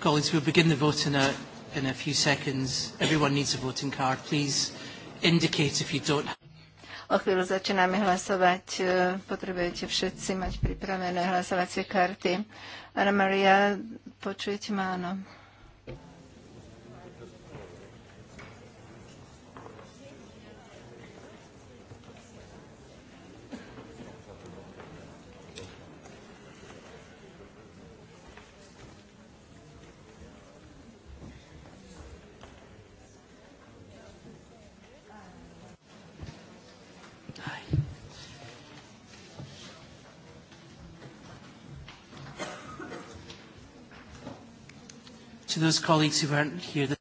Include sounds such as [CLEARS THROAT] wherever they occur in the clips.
Colleagues, we'll begin the vote in a, in a few seconds. Everyone needs a voting card. Please indicate if you don't. have O chvíľu začíname hlasovať. E, potrebujete všetci mať pripravené hlasovacie karty. Anna Maria, počujete ma? Áno. those colleagues who here.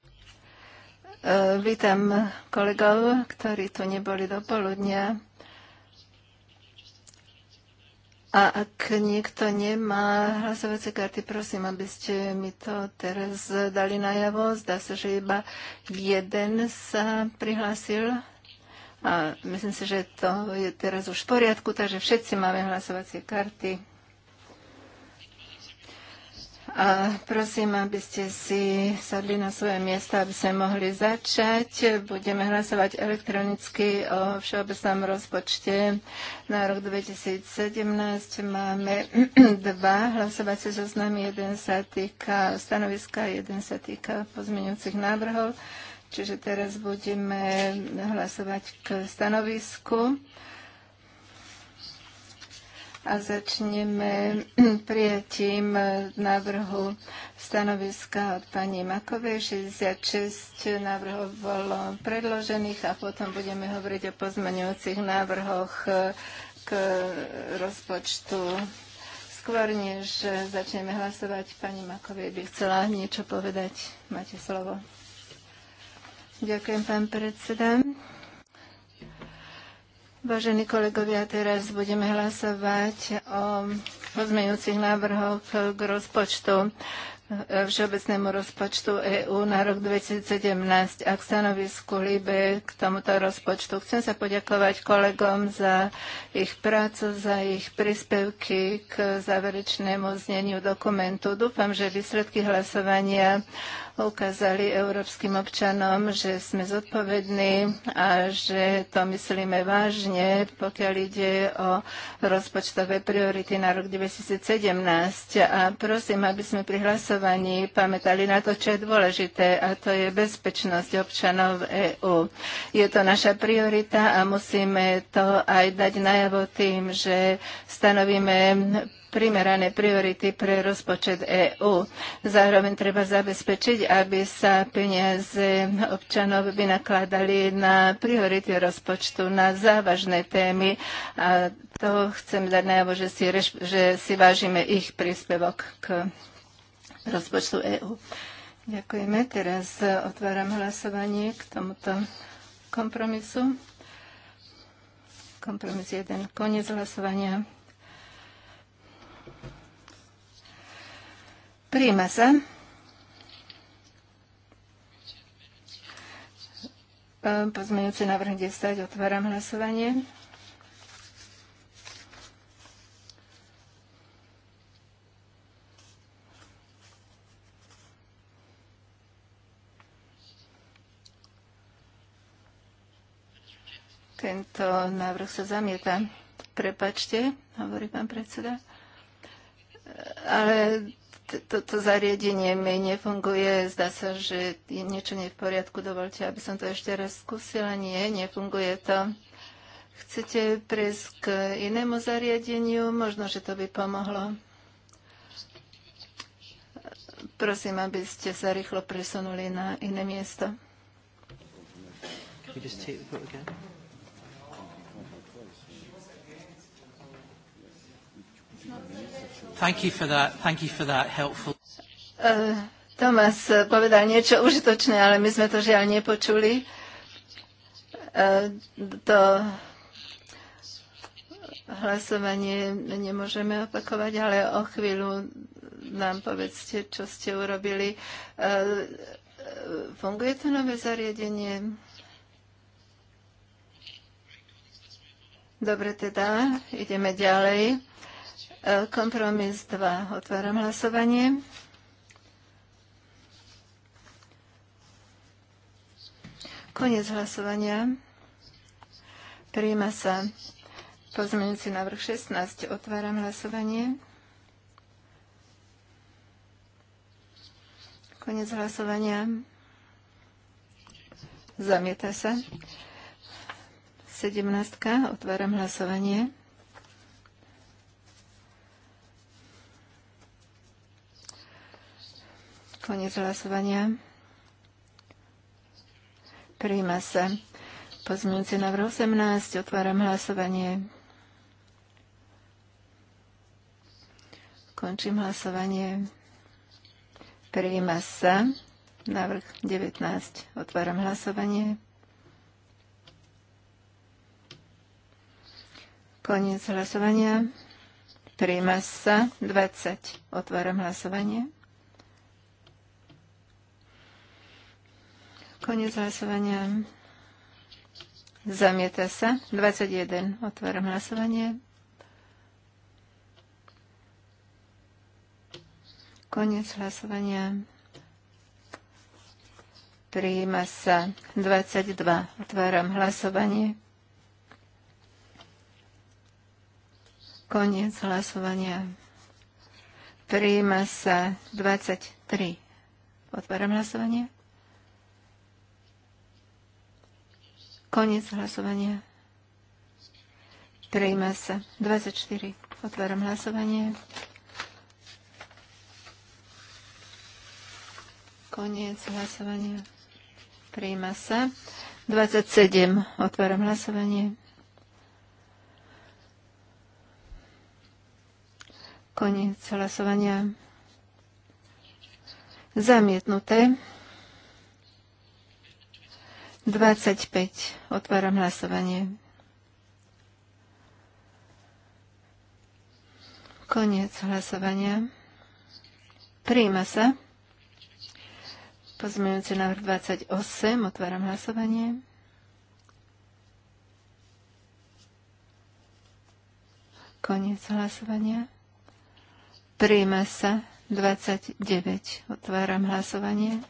Uh, vítam kolegov, ktorí tu neboli do poludnia. A ak niekto nemá hlasovacie karty, prosím, aby ste mi to teraz dali najavo. Zdá sa, že iba jeden sa prihlásil. A myslím si, že to je teraz už v poriadku, takže všetci máme hlasovacie karty. A prosím, aby ste si sadli na svoje miesta, aby sme mohli začať. Budeme hlasovať elektronicky o všeobecnom rozpočte na rok 2017. Máme [CLEARS THROAT] dva hlasovacie zoznamy. Jeden sa týka stanoviska, jeden sa týka pozmeňujúcich návrhov. Čiže teraz budeme hlasovať k stanovisku a začneme [CLEARS THROAT] prijatím e, návrhu stanoviska od pani Makovej. 66 návrhov bolo predložených a potom budeme hovoriť o pozmeňujúcich návrhoch e, k rozpočtu. Skôr než začneme hlasovať, pani Makovej by chcela niečo povedať. Máte slovo. Ďakujem, pán predseda. Vážení kolegovia, teraz budeme hlasovať o pozmeňujúcich návrhoch k rozpočtu e, všeobecnému rozpočtu EÚ na rok 2017 a k stanovisku Libe k tomuto rozpočtu. Chcem sa poďakovať kolegom za ich prácu, za ich príspevky k záverečnému zneniu dokumentu. Dúfam, že výsledky hlasovania ukázali európskym občanom, že sme zodpovední a že to myslíme vážne, pokiaľ ide o rozpočtové priority na rok 2017. A prosím, aby sme pri hlasovaní pamätali na to, čo je dôležité, a to je bezpečnosť občanov EÚ. Je to naša priorita a musíme to aj dať najavo tým, že stanovíme primerané priority pre rozpočet EÚ. Zároveň treba zabezpečiť, aby sa peniaze občanov vynakladali na priority rozpočtu, na závažné témy a to chcem dať najavo, že si, že si vážime ich príspevok k rozpočtu EÚ. Ďakujeme. Teraz otváram hlasovanie k tomuto kompromisu. Kompromis 1. Koniec hlasovania. Príjima sa. Pozmeňujúce návrh 10. Otváram hlasovanie. Tento návrh sa zamieta. Prepačte, hovorí pán predseda. Ale toto zariadenie mi nefunguje, zdá sa, že je niečo nie v poriadku, dovolte, aby som to ešte raz skúsila. Nie, nefunguje to. Chcete prejsť k inému zariadeniu? Možno, že to by pomohlo. Prosím, aby ste sa rýchlo presunuli na iné miesto. Can you just take the again? Thank you for that. Thank you for that helpful... Uh, e, Tomás povedal niečo užitočné, ale my sme to žiaľ nepočuli. Uh, to hlasovanie nemôžeme opakovať, ale o chvíľu nám povedzte, čo ste urobili. E, funguje to nové zariadenie? Dobre teda, ideme ďalej. Kompromis 2. Otváram hlasovanie. Konec hlasovania. Príjima sa pozmeňujúci návrh 16. Otváram hlasovanie. Konec hlasovania. Zamieta sa. 17. Otváram hlasovanie. Koniec hlasovania. Prijíma sa. Pozmienci návrh 18. Otváram hlasovanie. Končím hlasovanie. Prijíma sa. Návrh 19. Otváram hlasovanie. Koniec hlasovania. Prijíma sa 20. Otváram hlasovanie. Konec hlasovania. Zamieta sa. 21. Otváram hlasovanie. Konec hlasovania. Prijíma sa 22. Otváram hlasovanie. Koniec hlasovania. Prijíma sa 23. Otváram hlasovanie. Koniec hlasovania. Prejme sa. 24. Otváram hlasovanie. Koniec hlasovania. Prejme sa. 27. Otváram hlasovanie. Koniec hlasovania. Zamietnuté. 25. Otváram hlasovanie. Koniec hlasovania. Príjma sa. Pozmeňujúci návrh 28. Otváram hlasovanie. Koniec hlasovania. Príjma sa 29. Otváram hlasovanie.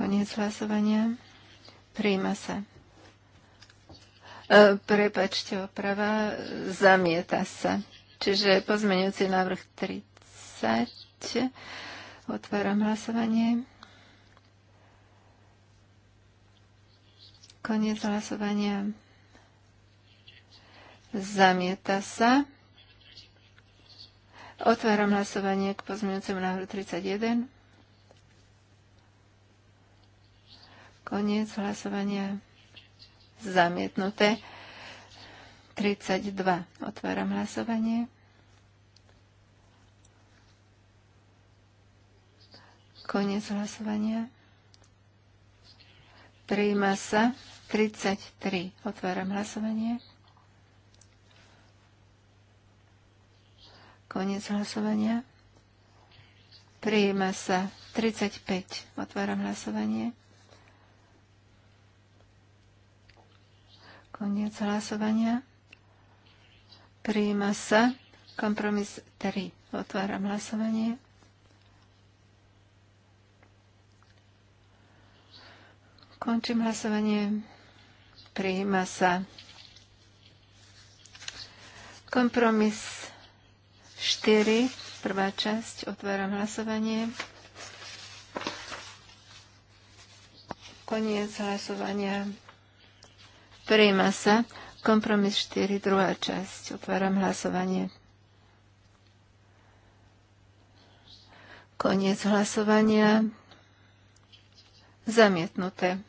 Koniec hlasovania. Príjma sa. E, prepačte, oprava. Zamieta sa. Čiže pozmeňujúci návrh 30. Otváram hlasovanie. Koniec hlasovania. Zamieta sa. Otváram hlasovanie k pozmeňujúcemu návrhu 31. Koniec hlasovania. Zamietnuté. 32. Otváram hlasovanie. Koniec hlasovania. Prijíma sa 33. Otváram hlasovanie. Koniec hlasovania. Prijíma sa 35. Otváram hlasovanie. Koniec hlasovania. Prijíma sa kompromis 3. Otváram hlasovanie. Končím hlasovanie. Prijíma sa kompromis 4. Prvá časť. Otváram hlasovanie. Koniec hlasovania Prijíma sa. Kompromis 4, druhá časť. Otváram hlasovanie. Koniec hlasovania. Zamietnuté.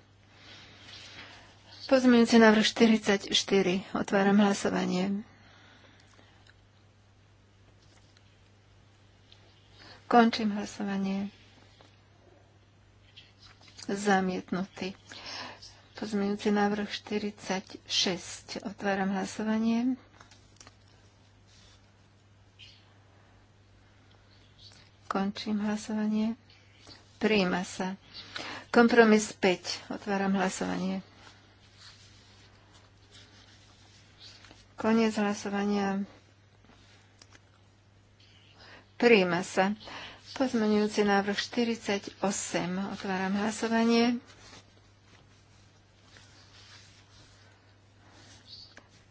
Pozmeňujúci návrh 44. Otváram hlasovanie. Končím hlasovanie. Zamietnutý. Pozmeňujúci návrh 46. Otváram hlasovanie. Končím hlasovanie. Príjima sa. Kompromis 5. Otváram hlasovanie. Koniec hlasovania. Príjima sa. Pozmeňujúci návrh 48. Otváram hlasovanie.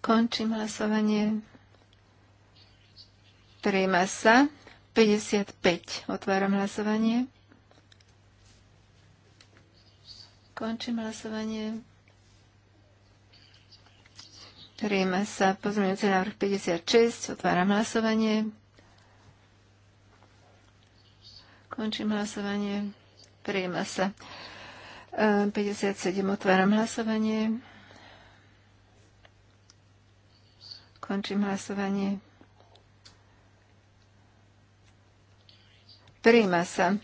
Končím hlasovanie. Prijíma sa. 55. Otváram hlasovanie. Končím hlasovanie. Prijíma sa Pozmeňujúce návrh 56. Otváram hlasovanie. Končím hlasovanie. Prijíma sa. 57. Ehm, Otváram hlasovanie. Končím hlasovanie. Príjma sa.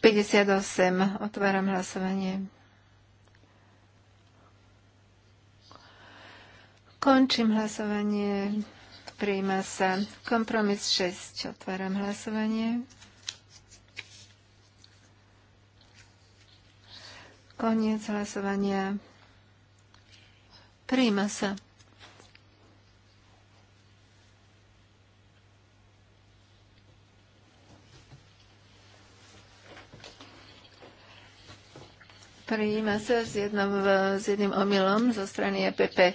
58. Otváram hlasovanie. Končím hlasovanie. Príjma sa. Kompromis 6. Otváram hlasovanie. Koniec hlasovania. Príjma sa. Prijíma sa s, jednom, s jedným omylom zo strany EPP.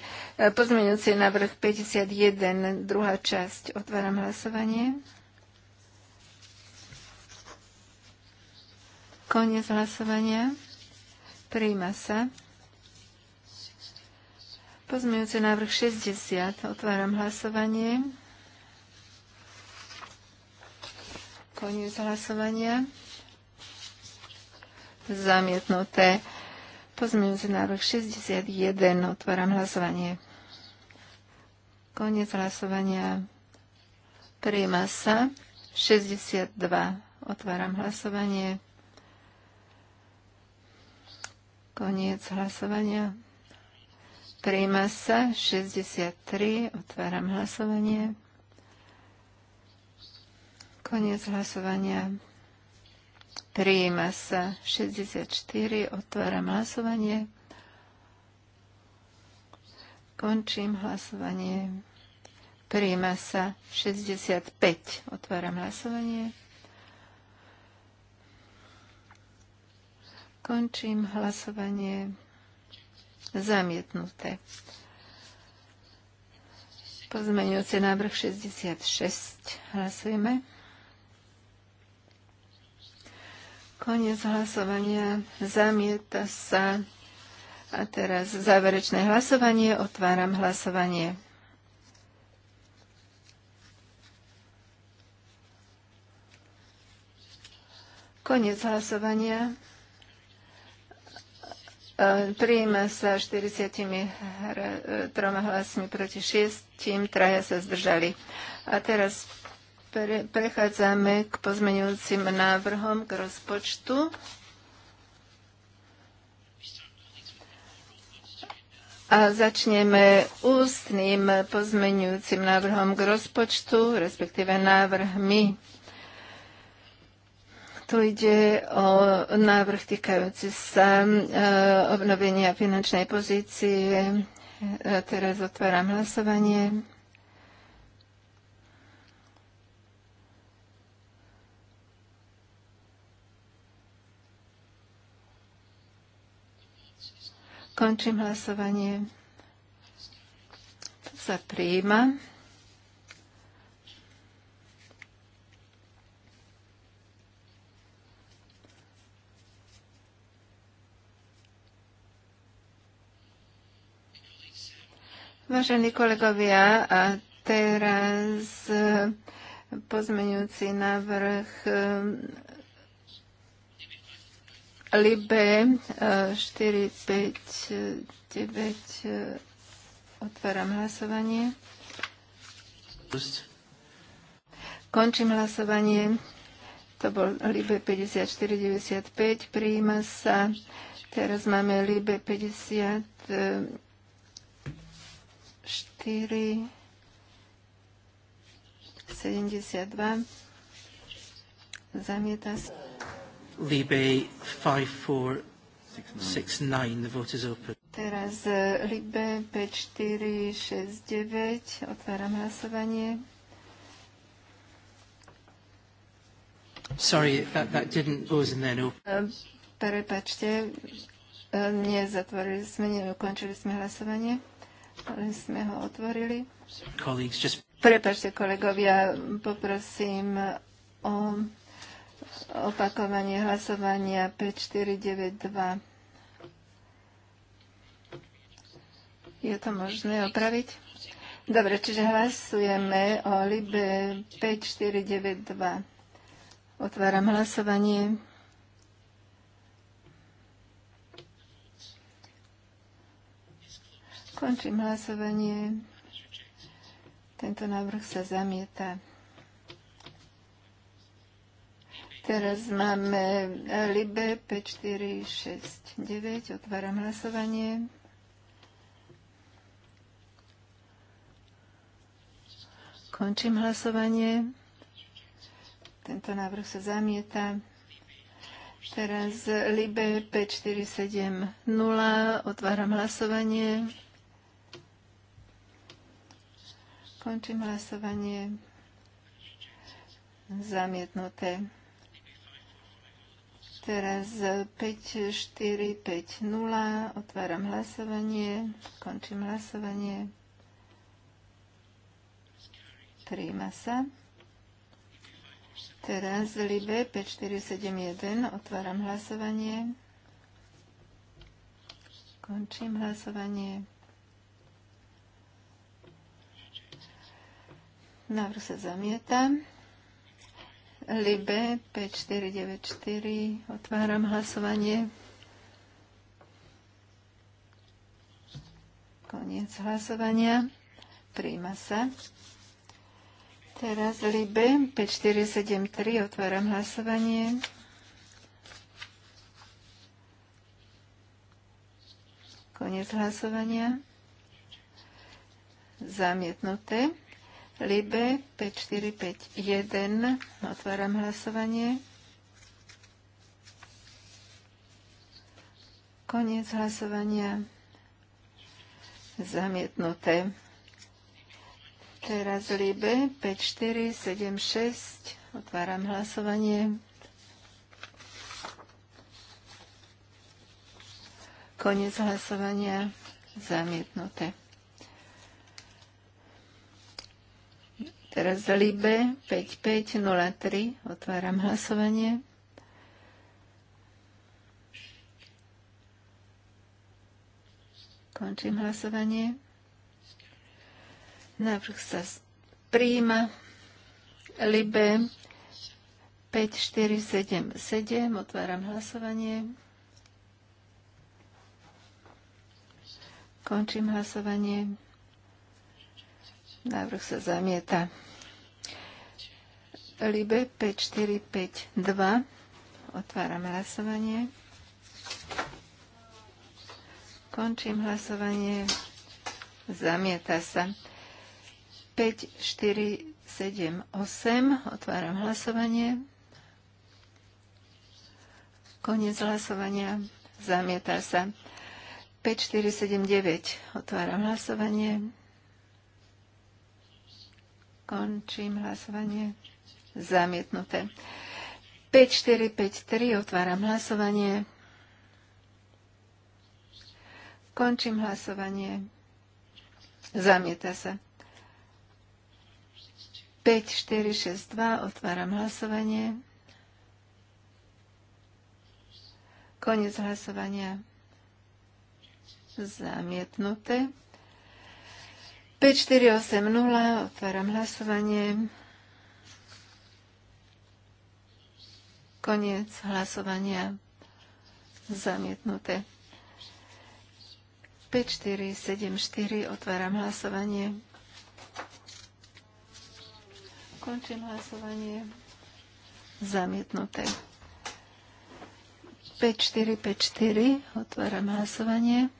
Pozmeňujúci návrh 51, druhá časť. Otváram hlasovanie. Koniec hlasovania. Prijíma sa. Pozmeňujúci návrh 60. Otváram hlasovanie. Koniec hlasovania zamietnuté. Pozmeňujúci návrh 61. Otváram hlasovanie. Koniec hlasovania. Príjma sa. 62. Otváram hlasovanie. Koniec hlasovania. Príjma sa 63. Otváram hlasovanie. Koniec hlasovania. Prijíma sa 64. Otváram hlasovanie. Končím hlasovanie. Prijíma sa 65. Otváram hlasovanie. Končím hlasovanie. Zamietnuté. Pozmeňujúce návrh 66. Hlasujeme. Koniec hlasovania. Zamieta sa. A teraz záverečné hlasovanie. Otváram hlasovanie. Koniec hlasovania. E, prijíma sa 43 e, hlasmi proti 6, traja sa zdržali. A teraz pre, prechádzame k pozmeňujúcim návrhom k rozpočtu. A začneme ústnym pozmeňujúcim návrhom k rozpočtu, respektíve návrhmi. Tu ide o návrh týkajúci sa e, obnovenia finančnej pozície. E, teraz otváram hlasovanie. Končím hlasovanie. sa prijíma. Vážení kolegovia, a teraz eh, pozmeňujúci návrh eh, Libe 4, 5, 9. Otváram hlasovanie. Končím hlasovanie. To bol Libe 54,95. Prijíma sa. Teraz máme Libe 54. 72. Zamieta sa. Libe 5469. The vote is open. Teraz e, Libe 5469. Otváram hlasovanie. Sorry, that, that didn't close and then open. E, prepačte, e, nezatvorili sme, neukončili sme hlasovanie, ale sme ho otvorili. Colleagues, just... Prepačte, kolegovia, poprosím o Opakovanie hlasovania 5492. Je to možné opraviť? Dobre, čiže hlasujeme o Libe 5492. Otváram hlasovanie. Končím hlasovanie. Tento návrh sa zamieta. Teraz máme eh, Libe 5469. Otváram hlasovanie. Končím hlasovanie. Tento návrh sa zamieta. Teraz Libe 5470. Otváram hlasovanie. Končím hlasovanie. Zamietnuté. Teraz 5, 4, 5, 0. Otváram hlasovanie. Končím hlasovanie. Príjma sa. Teraz Libe 1. Otváram hlasovanie. Končím hlasovanie. Návrh sa zamietam. Libe 5494. Otváram hlasovanie. Koniec hlasovania. Príjma sa. Teraz Libe 5473. Otváram hlasovanie. Koniec hlasovania. Zamietnuté. Libe 5451. Otváram hlasovanie. Koniec hlasovania. Zamietnuté. Teraz Libe 5476. Otváram hlasovanie. Koniec hlasovania. Zamietnuté. Teraz Libe 5503. Otváram hlasovanie. Končím hlasovanie. Návrh sa príjima. Libe 5477. Otváram hlasovanie. Končím hlasovanie. Návrh sa zamieta. Libe 5452. Otváram hlasovanie. Končím hlasovanie. Zamieta sa. 5, 8. Otváram hlasovanie. Konec hlasovania. Zamieta sa. 5479, Otváram hlasovanie. Končím hlasovanie zamietnuté. 5453 otváram hlasovanie. Končím hlasovanie. Zamieta sa. 5462 otváram hlasovanie. Konec hlasovania. Zamietnuté. 5480 otváram hlasovanie. Koniec hlasovania. Zamietnuté. 5474 otváram hlasovanie. Končím hlasovanie. Zamietnuté. 5454 otváram hlasovanie.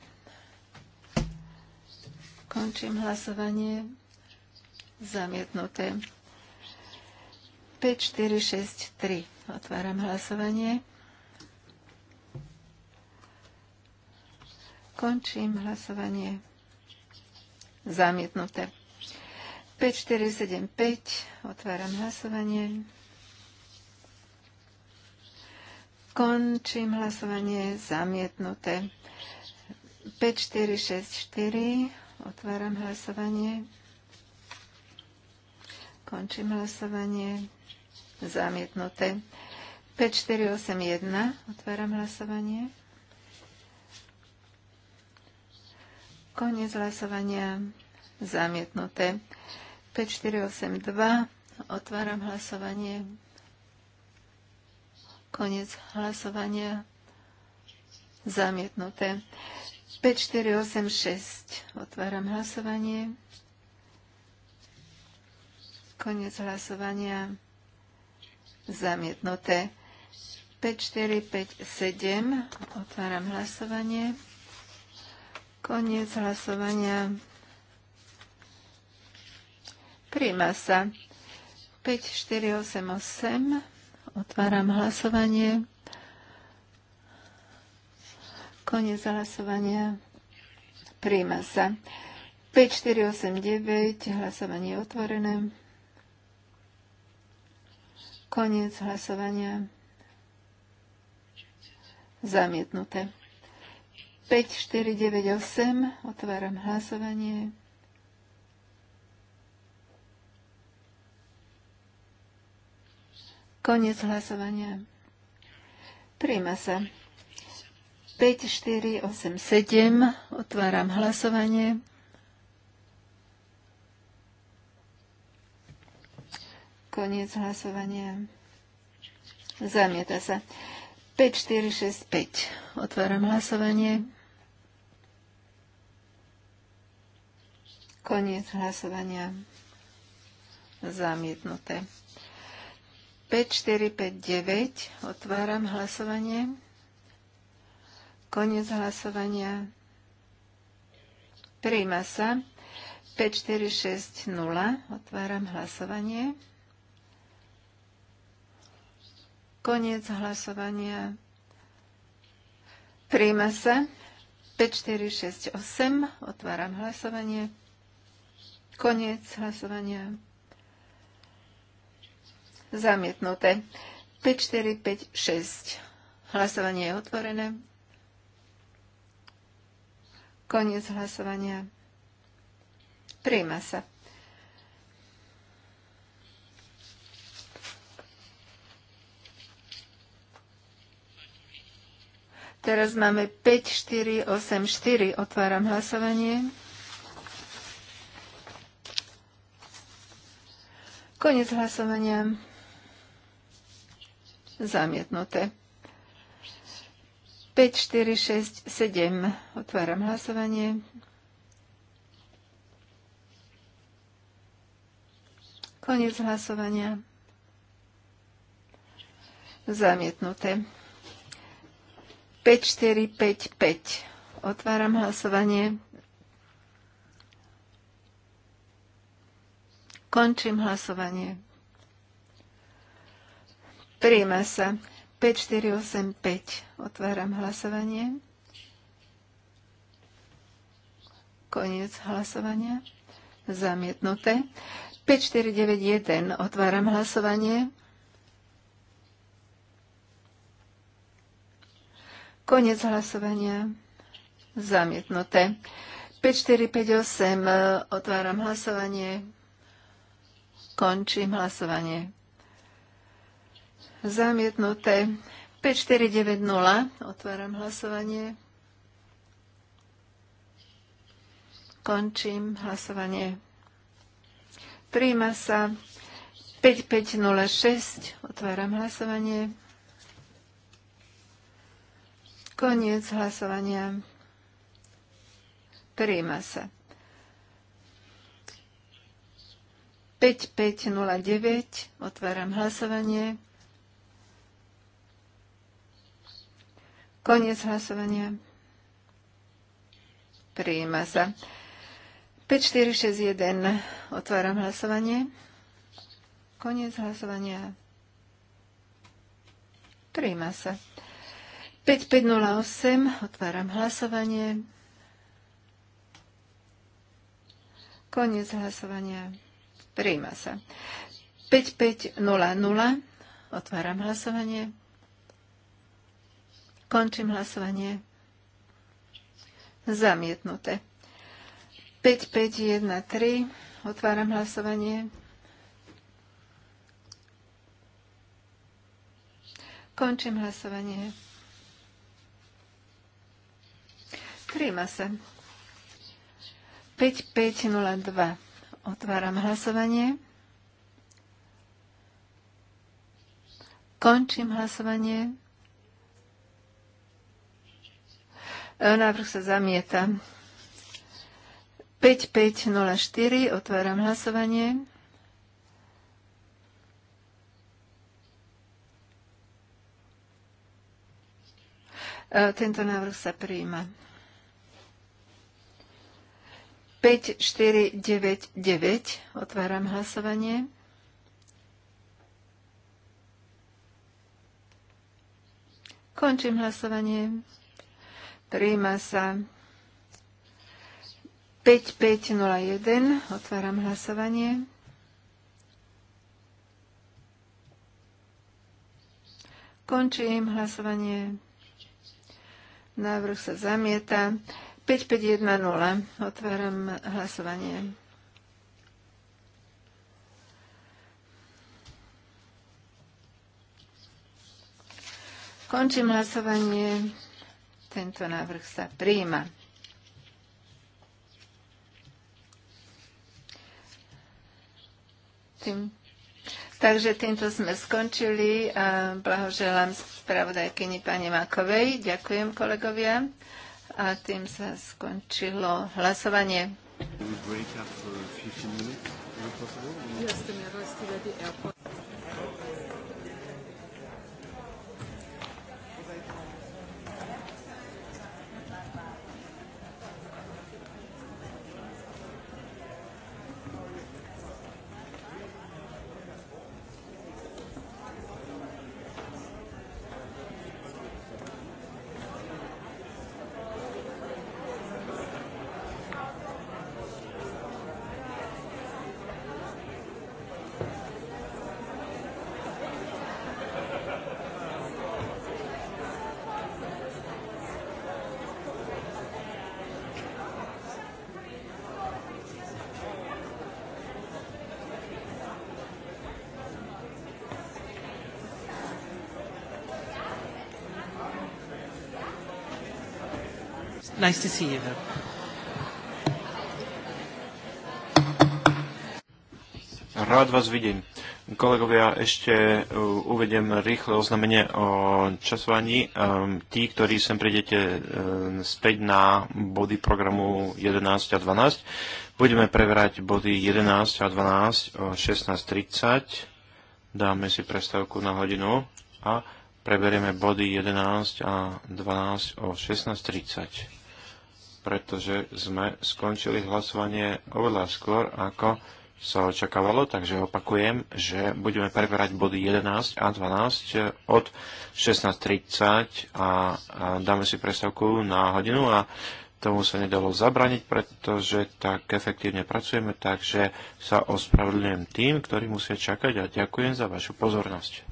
Končím hlasovanie. Zamietnuté. 5463 Otváram hlasovanie. Končím hlasovanie. Zamietnuté. 5475. Otváram hlasovanie. Končím hlasovanie. Zamietnuté. 5464. Otváram hlasovanie. Končím hlasovanie. Zamietnuté. 5481. Otváram hlasovanie. Koniec hlasovania. Zamietnuté. 5482. Otváram hlasovanie. Koniec hlasovania. Zamietnuté. 5486. Otváram hlasovanie. Koniec hlasovania. Zamietnuté. 5457. Otváram hlasovanie. Koniec hlasovania. Príjma sa. 5488. Otváram hlasovanie. Koniec hlasovania. Príjma sa. 5489. Hlasovanie otvorené. Koniec hlasovania zamietnuté. 5, 4, 9, 8. Otváram hlasovanie. Konec hlasovania. Príjma sa. 5, 4, 8, 7. Otváram hlasovanie. Konec hlasovania. Zamieta sa. 5 5. Otváram hlasovanie. Koniec hlasovania. Zamietnuté. 9. Otváram hlasovanie. Koniec hlasovania. Príjma sa. 5460. Otváram hlasovanie. Koniec hlasovania. Príjme sa. 5, 4, 6, 8. Otváram hlasovanie. Koniec hlasovania. Zamietnuté. 5, 4, 5, 6. Hlasovanie je otvorené. Koniec hlasovania. Príjma sa. Teraz máme 5, 4, 8, 4. Otváram hlasovanie. Konec hlasovania. Zamietnuté. 5, 4, 6, 7. Otváram hlasovanie. Konec hlasovania. Zamietnuté. 5455. Otváram hlasovanie. Končím hlasovanie. Príjma sa. 5485. Otváram hlasovanie. Koniec hlasovania. Zamietnuté. 5491. Otváram hlasovanie. Konec hlasovania. Zamietnuté. 5458. Otváram hlasovanie. Končím hlasovanie. Zamietnuté. 5490. Otváram hlasovanie. Končím hlasovanie. Príjma sa 5506. Otváram hlasovanie. Koniec hlasovania. Príjma sa. 5509. Otváram hlasovanie. Koniec hlasovania. Príjma sa. 5461. Otváram hlasovanie. Koniec hlasovania. Príjma sa. 5508, otváram hlasovanie. Koniec hlasovania. Príjma sa. 5500, otváram hlasovanie. Končím hlasovanie. Zamietnuté. 5513, otváram hlasovanie. Končím hlasovanie. Príjma sa. 5502. Otváram hlasovanie. Končím hlasovanie. E, návrh sa zamieta. 5504, otváram hlasovanie. E, tento návrh sa prijíma. 5499. Otváram hlasovanie. Končím hlasovanie. Príjma sa 5501. Otváram hlasovanie. Končím hlasovanie. Návrh sa zamieta. 5510. Otváram hlasovanie. Končím hlasovanie. Tento návrh sa príjima. Tým. Takže týmto sme skončili a blahoželám spravodajkyni pani Makovej. Ďakujem kolegovia a tým sa skončilo hlasovanie. Nice to see you, though. Rád vás vidím. Kolegovia, ešte uh, uvediem rýchle oznamenie o časovaní. Um, tí, ktorí sem prídete uh, späť na body programu 11 a 12, budeme preverať body 11 a 12 o 16.30. Dáme si prestávku na hodinu a preberieme body 11 a 12 o 16.30 pretože sme skončili hlasovanie oveľa skôr, ako sa očakávalo, takže opakujem, že budeme preberať body 11 a 12 od 16.30 a, a dáme si prestavku na hodinu a tomu sa nedalo zabraniť, pretože tak efektívne pracujeme, takže sa ospravedlňujem tým, ktorí musia čakať a ďakujem za vašu pozornosť.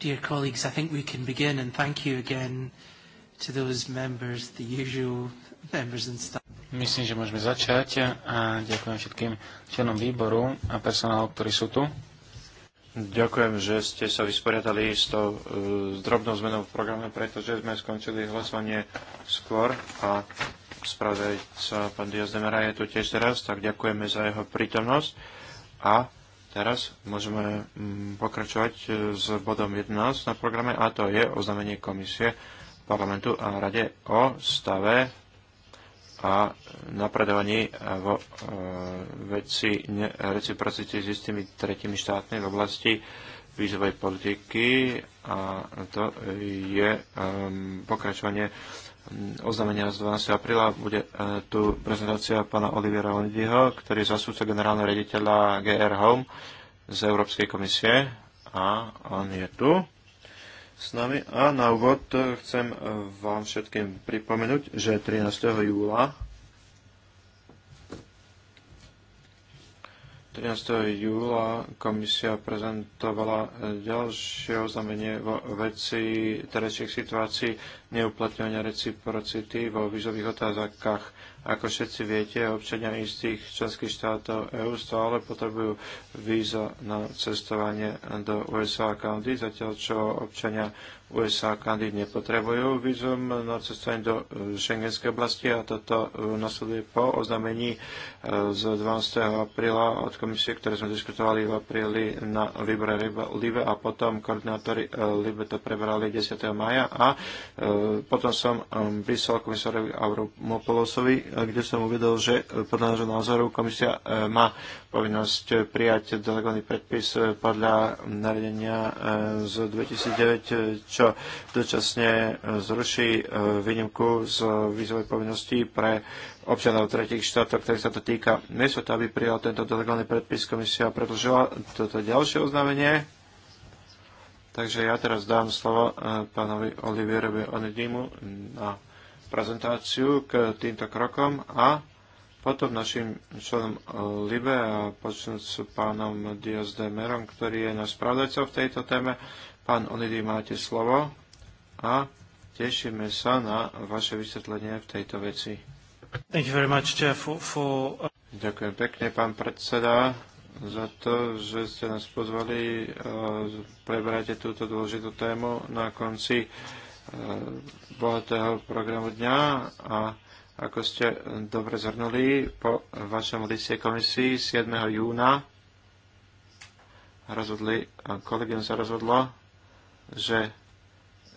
Dear colleagues, I think we can begin and thank you again to those members, the usual members and staff. Myslím, že môžeme začať a ďakujem všetkým členom výboru a personálu, ktorí sú tu. Ďakujem, že ste sa vysporiadali s tou uh, drobnou zmenou v programe, pretože sme skončili hlasovanie skôr a sa pán Diaz Demera je tu tiež teraz, tak ďakujeme za jeho prítomnosť a Teraz môžeme mm, pokračovať e, s bodom 11 na programe a to je oznámenie komisie parlamentu a rade o stave a napredovaní vo e, veci reciprocity s istými tretimi štátmi v oblasti výzovej politiky a to je e, pokračovanie oznámenia z 12. apríla bude e, tu prezentácia pána Olivera Lindyho, ktorý je zasúdca generálneho rediteľa GR Home z Európskej komisie a on je tu s nami. A na úvod chcem e, vám všetkým pripomenúť, že 13. júla 13. júla komisia prezentovala e, ďalšie oznámenie vo veci terajších situácií neuplatňovania reciprocity vo vízových otázkach. Ako všetci viete, občania istých členských štátov EÚ stále potrebujú víza na cestovanie do USA a Kanady, zatiaľ čo občania USA a Kanady nepotrebujú vízum na cestovanie do e, šengenskej oblasti a toto e, nasleduje po oznámení e, z 12. apríla od komisie, ktoré sme diskutovali v apríli na Libre Live a potom koordinátori Libe to prebrali 10. maja a potom som písal komisárovi Avropolosovi, kde som uvedol, že podľa nášho názoru komisia má povinnosť prijať delegovaný predpis podľa nariadenia eh, z 2009, čo dočasne eh, zruší eh, výnimku z výzovej povinnosti pre občanov tretich štátov, ktorých sa to týka. Miesto to, aby prijal tento delegovaný predpis, komisia predlžila toto ďalšie oznámenie. Takže ja teraz dám slovo pánovi Olivierovi Onedimu na prezentáciu k týmto krokom a potom našim členom eh, Libe a počnúť s pánom Diaz de Merom, ktorý je náš spravodajcov v tejto téme. Pán Onidy, máte slovo a tešíme sa na vaše vysvetlenie v tejto veci. Thank you very much, Jeff, for, uh, Ďakujem pekne, pán predseda, za to, že ste nás pozvali eh, prebrať túto dôležitú tému na konci eh, bohatého programu dňa a ako ste eh, dobre zhrnuli, po vašom liste komisii 7. júna rozhodli, kolegium sa rozhodlo, že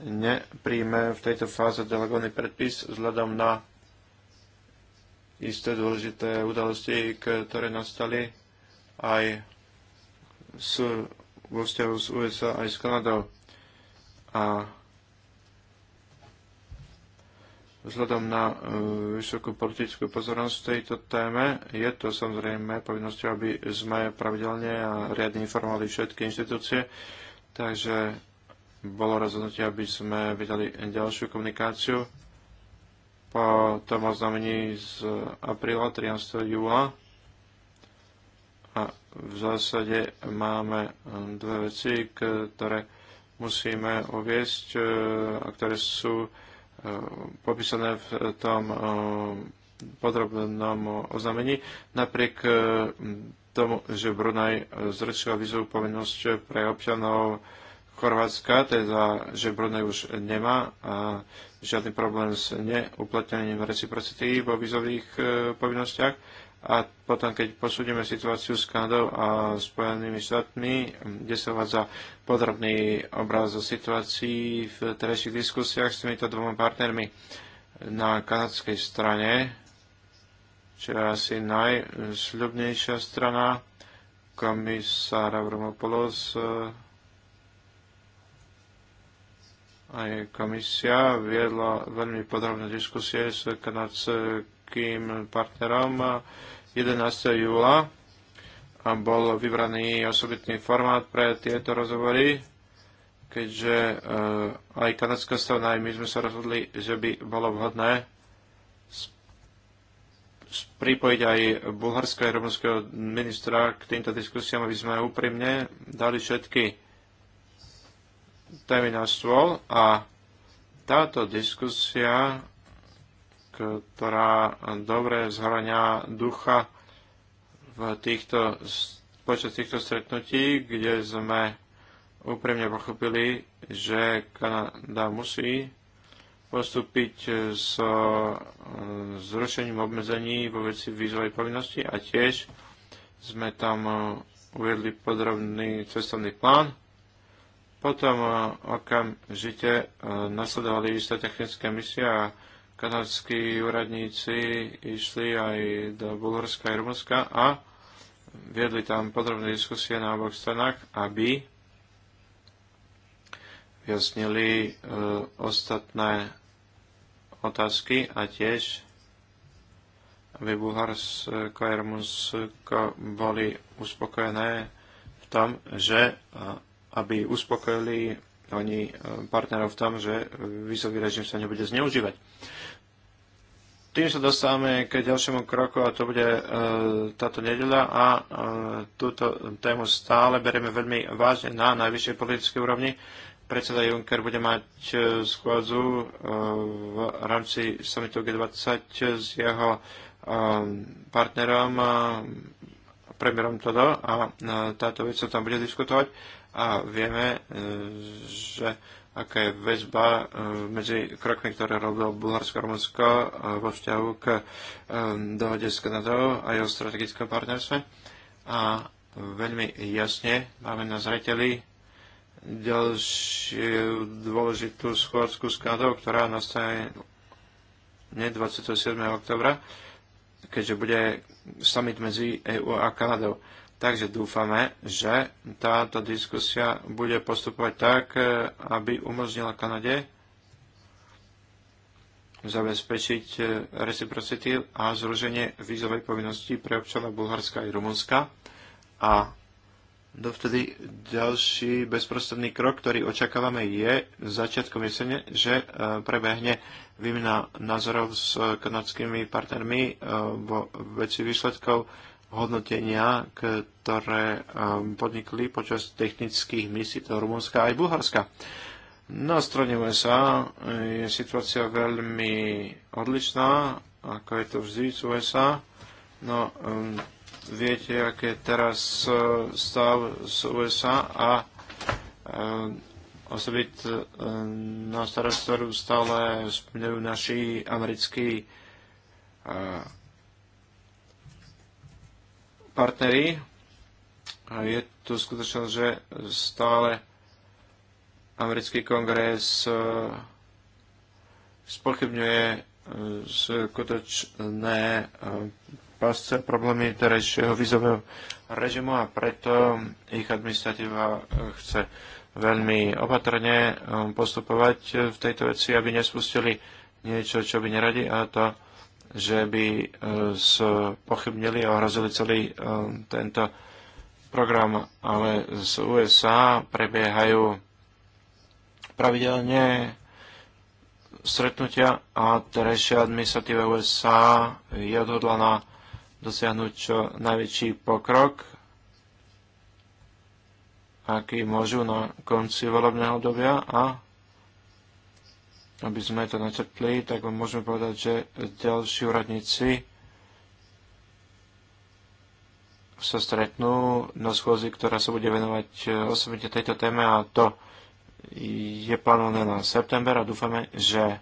nepríjme v tejto fáze delegovaný predpis vzhľadom na isté dôležité udalosti, ktoré nastali aj s, vo vzťahu s USA aj s Kanadou. A Vzhľadom na e, vysokú politickú pozornosť tejto téme je to samozrejme povinnosťou, aby sme pravidelne a riadne informovali všetky inštitúcie, takže bolo rozhodnutie, aby sme vydali ďalšiu komunikáciu po tom oznámení z apríla, 13. júla. A v zásade máme dve veci, ktoré musíme uviesť e, a ktoré sú E, popísané v tom e, podrobnom oznámení. Napriek e, tomu, že Brunaj zrušila vizovú povinnosť pre občanov Chorvátska, teda že Brunaj už nemá a žiadny problém s neuplatnením reciprocity vo vizových povinnostiach, a potom, keď posúdime situáciu s Kanadou a Spojenými štátmi, kde sa vádza podrobný obraz o situácii v terajších diskusiách s týmito dvoma partnermi na kanadskej strane, čo je asi najsľubnejšia strana, komisár Avramopoulos eh, aj komisia viedla veľmi podrobné diskusie s kanadským všetkým partnerom 11. júla a bol vybraný osobitný formát pre tieto rozhovory, keďže eh, aj kanadská strana, aj my sme sa rozhodli, že by bolo vhodné pripojiť aj bulharského a rumunského ministra k týmto diskusiám, aby sme úprimne dali všetky témy na stôl a táto diskusia ktorá dobre zhrania ducha v týchto, počas týchto stretnutí, kde sme úprimne pochopili, že Kanada musí postúpiť s e, zrušením obmedzení vo veci výzovej povinnosti a tiež sme tam e, uvedli podrobný cestovný plán. Potom e, okamžite nasledovali isté technické misie a kanadskí úradníci išli aj do Bulharska a Rumunska a viedli tam podrobné diskusie na oboch stranách, aby vyjasnili e, ostatné otázky a tiež aby Bulharsko a Rumunsko boli uspokojené v tom, že aby uspokojili oni e, partnerov v tom, že e, vysoký režim sa nebude zneužívať. Tým sa dostávame k ďalšiemu kroku a to bude e, táto nedeľa a e, túto tému stále berieme veľmi vážne na najvyššej politickej úrovni. Predseda Juncker bude mať e, schôdzu e, v rámci summitu G20 s jeho e, partnerom, e, premiérom Todo a e, táto vec sa tam bude diskutovať a vieme, e, že aká je väzba eh, medzi krokmi, ktoré robilo Bulharsko a Rumunsko eh, vo vzťahu k eh, dohode s Kanadou a jeho strategickom partnerstve. A veľmi jasne máme na zreteli ďalšiu dôležitú schôdzku s Kanadou, ktorá nastane ne 27. oktobra, keďže bude summit medzi EU a Kanadou. Takže dúfame, že táto diskusia bude postupovať tak, e, aby umožnila Kanade zabezpečiť e, reciprocity a zruženie vízovej povinnosti pre občana Bulharska i Rumunska. A dovtedy ďalší bezprostredný krok, ktorý očakávame, je začiatkom jesene, že e, prebehne výmena názorov s kanadskými partnermi vo veci výsledkov hodnotenia, ktoré um, podnikli počas technických misí do Rumunska aj Bulharska. Na strane USA eh, je situácia veľmi odlišná, ako je to vždy z USA. No, um, viete, aké je teraz eh, stav z USA a eh, osobit um, na starostoru stále spňujú naši americkí uh, partnery. A je tu skutočnosť, že stále americký kongres e, spochybňuje e, skutočné e, pasce problémy terajšieho vízového režimu a preto ich administratíva chce veľmi opatrne postupovať v tejto veci, aby nespustili niečo, čo by neradi a to že by e, pochybnili a ohrozili celý e, tento program, ale z USA prebiehajú pravidelne stretnutia a terajšia administratíva USA je odhodlaná dosiahnuť čo najväčší pokrok, aký môžu na konci volebného obdobia a aby sme to načrtli, tak vám môžeme povedať, že ďalší úradníci sa stretnú na schôzi, ktorá sa bude venovať e, osobite tejto téme a to je plánované na september a dúfame, že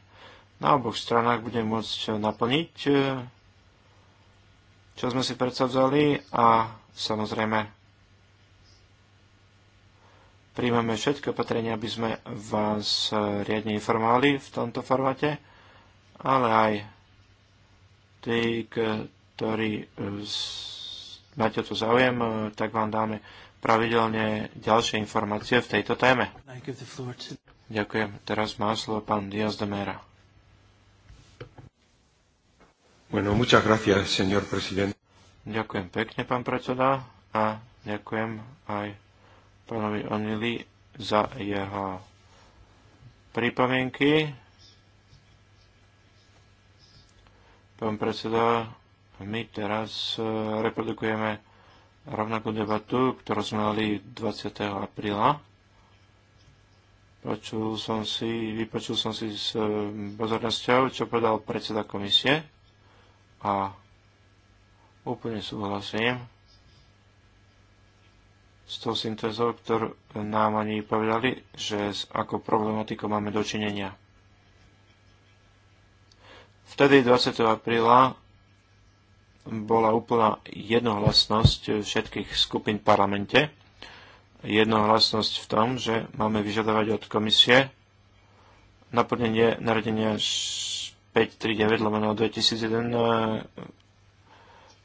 na oboch stranách bude môcť naplniť, e, čo sme si predsadzali a samozrejme príjmeme všetky opatrenia, aby sme vás riadne informovali v tomto formáte, ale aj tí, ktorí máte o to záujem, tak vám dáme pravidelne ďalšie informácie v tejto téme. Ďakujem. Teraz má slovo pán Diaz de Mera. Bueno, muchas gracias, señor presidente. Ďakujem pekne, pán predseda, a ďakujem aj pánovi Onili za jeho pripomienky. Pán predseda, my teraz e, reprodukujeme rovnakú debatu, ktorú sme mali 20. apríla. Počul som si, vypočul som si s e, pozornosťou, čo povedal predseda komisie a úplne súhlasím. Z tou syntézou, ktorú nám ani povedali, že ako problematikou máme dočinenia. Vtedy 20. apríla bola úplná jednohlasnosť všetkých skupín v parlamente. Jednohlasnosť v tom, že máme vyžadovať od komisie naplnenie naredenia 539 lomeno 2001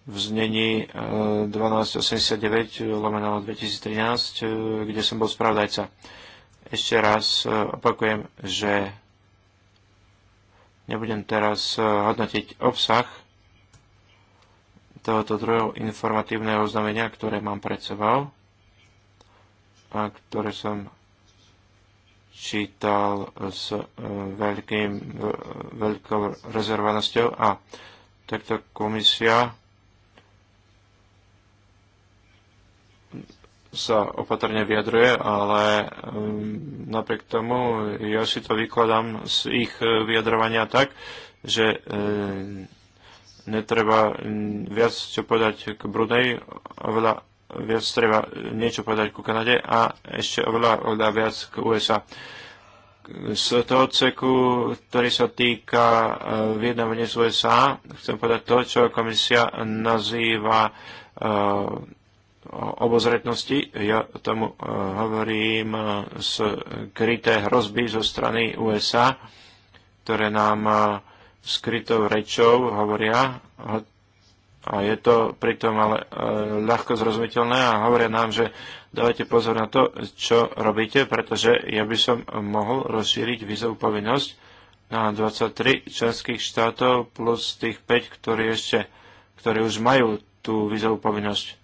v znení 1289 e, lomeno 2013, e, kde som bol spravodajca. Ešte raz e, opakujem, že nebudem teraz hodnotiť obsah tohoto druhého informatívneho znamenia, ktoré mám pred sebou a ktoré som čítal s veľkým, veľkou rezervanosťou a takto komisia sa opatrne vyjadruje, ale um, napriek tomu ja si to vykladám z ich vyjadrovania tak, že um, netreba viac čo povedať k Brunei, oveľa viac treba niečo povedať ku Kanade a ešte oveľa, oveľa viac k USA z toho ceku, ktorý sa týka uh, vyjednávania z USA, chcem povedať to, čo komisia nazýva uh, obozretnosti. Ja tomu e, hovorím e, z kryté hrozby zo strany USA, ktoré nám e, skrytou rečou hovoria a je to pritom ale ľahko zrozumiteľné a hovoria nám, že dávajte pozor na to, čo robíte, pretože ja by som mohol rozšíriť vízovú povinnosť na 23 členských štátov plus tých 5, ktorí, ešte, ktorí už majú tú vízovú povinnosť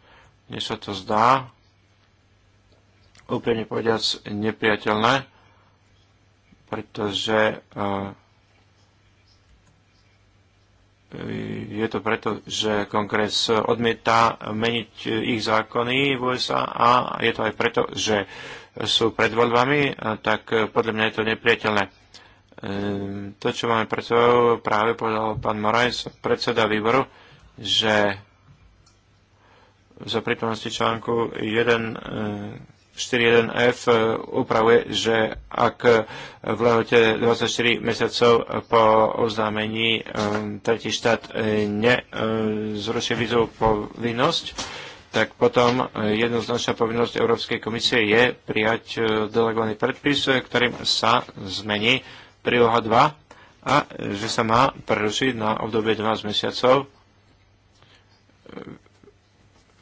mne sa to zdá úplne povediac nepriateľné, pretože eh, je to preto, že kongres odmieta meniť ich zákony v USA a je to aj preto, že sú pred voľbami, tak podľa mňa je to nepriateľné. Ehm, to, čo máme pred sebou, práve povedal pán Morajs, predseda výboru, že za prítomnosti článku 1 41F e, e, upravuje, že ak v lehote 24 mesiacov po oznámení e, tretí štát nezruší vizovú povinnosť, tak potom jednoznačná povinnosť Európskej komisie je prijať delegovaný predpis, ktorým sa zmení príloha 2 a že sa má prerušiť na obdobie 12 mesiacov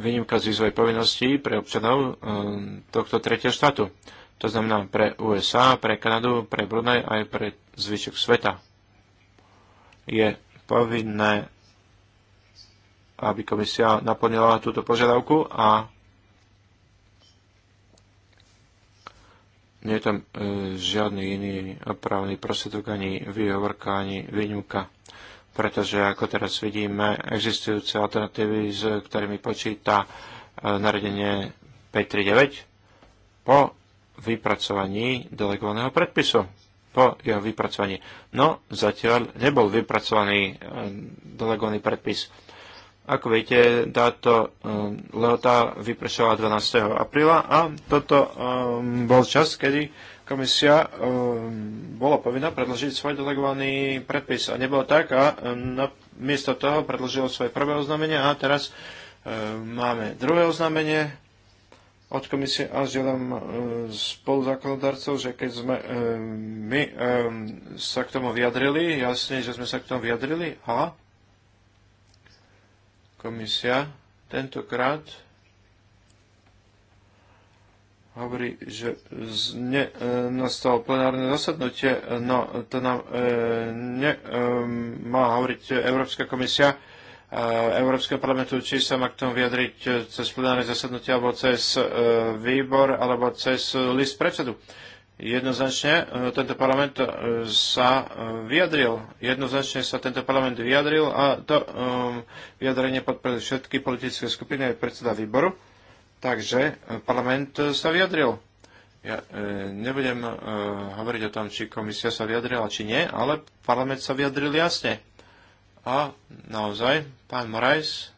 výnimka z výzvoj povinností pre občanov um, tohto tretieho štátu. To znamená pre USA, pre Kanadu, pre Brunei aj pre zvyšok sveta. Je povinné, aby komisia naplnila túto požiadavku a nie je tam e, žiadny iný opravný prostriedok, ani výhovorka, ani výnimka pretože ako teraz vidíme, existujúce alternatívy, s ktorými počíta e, naredenie 539 po vypracovaní delegovaného predpisu. Po jeho vypracovaní. No, zatiaľ nebol vypracovaný e, delegovaný predpis. Ako viete, táto e, lehota vypršala 12. apríla a toto bol čas, kedy komisia ehm, bola povinná predložiť svoj delegovaný predpis a nebolo tak a ehm, miesto toho predložilo svoje prvé oznámenie a teraz ehm, máme druhé oznámenie od komisie a žiadam spoluzákonodarcov, že keď sme my sa k tomu vyjadrili, jasne, že sme sa k tomu vyjadrili a komisia tentokrát hovorí, že ne, e, nastalo plenárne zasadnutie, no to nám e, ne, e, má hovoriť Európska komisia Európskeho parlamentu, či sa má k tomu vyjadriť cez plenárne zasadnutie, alebo cez výbor, alebo cez list predsedu. Jednoznačne tento parlament sa vyjadril. Jednoznačne sa tento parlament vyjadril a to um, vyjadrenie podporili všetky politické skupiny aj predseda výboru. Takže e, parlament e, sa vyjadril. Ja e, nebudem e, hovoriť o tom, či komisia sa vyjadrila, či nie, ale parlament sa vyjadril jasne. A naozaj, pán Morajs,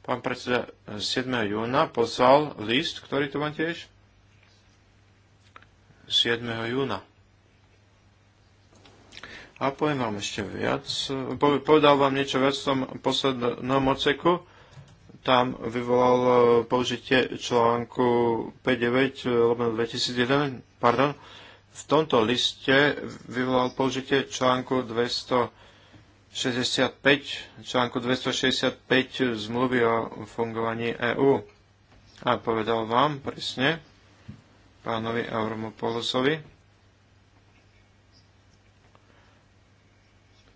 pán predseda 7. E, júna poslal list, ktorý tu mám tiež? 7. júna. A poviem vám ešte viac, povedal vám niečo viac v tom poslednom oceku tam vyvolal e, použitie článku 5.9 2001, e, pardon, v tomto liste vyvolal použitie článku 265, článku 265 zmluvy o fungovaní EÚ. A povedal vám presne, pánovi Euromopolosovi,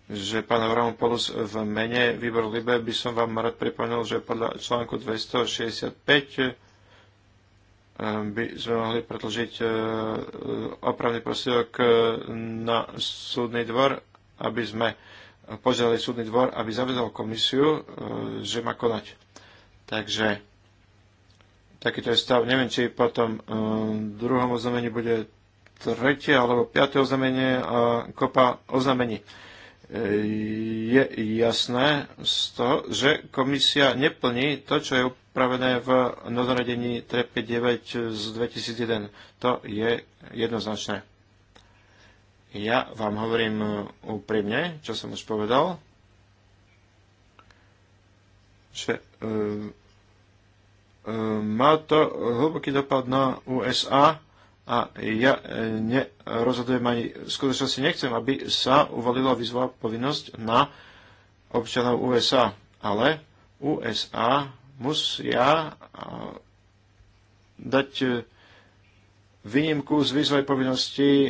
že pán Avramopoulos v mene výboru Libe by som vám rád pripomenul, že podľa článku 265 eh, by sme mohli predlžiť eh, opravný prosiedok eh, na súdny dvor, aby sme požiadali súdny dvor, aby zavedol komisiu, že má konať. Takže takýto je stav. Neviem, či potom v druhom oznamení bude tretie alebo piaté oznamenie a kopa oznamení je jasné z toho, že komisia neplní to, čo je upravené v nariadení 359 z 2001. To je jednoznačné. Ja vám hovorím úprimne, čo som už povedal, že e, e, má to hlboký dopad na USA a ja e, nerozhodujem ani, v skutočnosti nechcem, aby sa uvalila výzva povinnosť na občanov USA, ale USA musia e, dať e, výnimku z výzvej povinnosti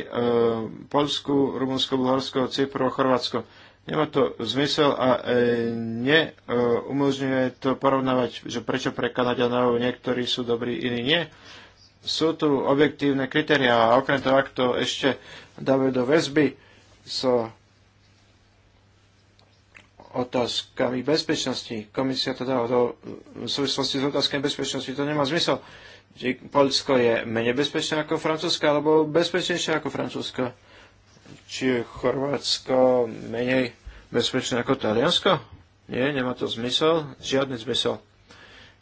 Polsku, Rumunsko, Bulharsko, Cypro, Chorvátsko. Nemá to zmysel a neumožňuje to porovnávať, že prečo pre Kanaďanov niektorí sú dobrí, iní nie sú tu objektívne kritériá a okrem toho, ak to ešte dáme do väzby so otázkami bezpečnosti, komisia to dáva do, v súvislosti s otázkami bezpečnosti, to nemá zmysel. Polsko je menej bezpečné ako Francúzsko, alebo bezpečnejšie ako Francúzsko. Či je Chorvátsko menej bezpečné ako Taliansko? Nie, nemá to zmysel, žiadny zmysel.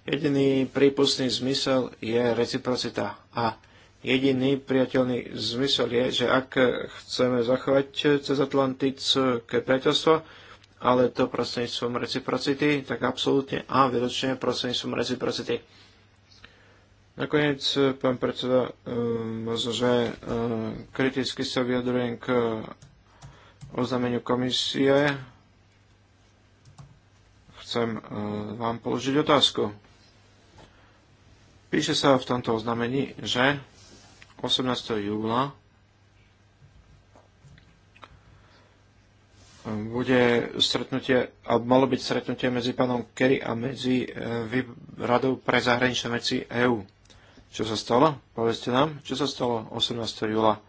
Jediný prípustný zmysel je reciprocita a jediný priateľný zmysel je, že ak chceme zachovať cez Atlantické priateľstvo, ale to prostredníctvom reciprocity, tak absolútne a vedočne prostredníctvom reciprocity. Nakoniec, pán predseda, eh, možno, že eh, kriticky sa vyjadrujem k oznámeniu komisie. Chcem eh, vám položiť otázku Píše sa v tomto oznamení, že 18. júla bude stretnutie, a malo byť stretnutie medzi pánom Kerry a medzi e, Radou pre zahraničné veci EÚ. Čo sa stalo? Povedzte nám, čo sa stalo 18. júla.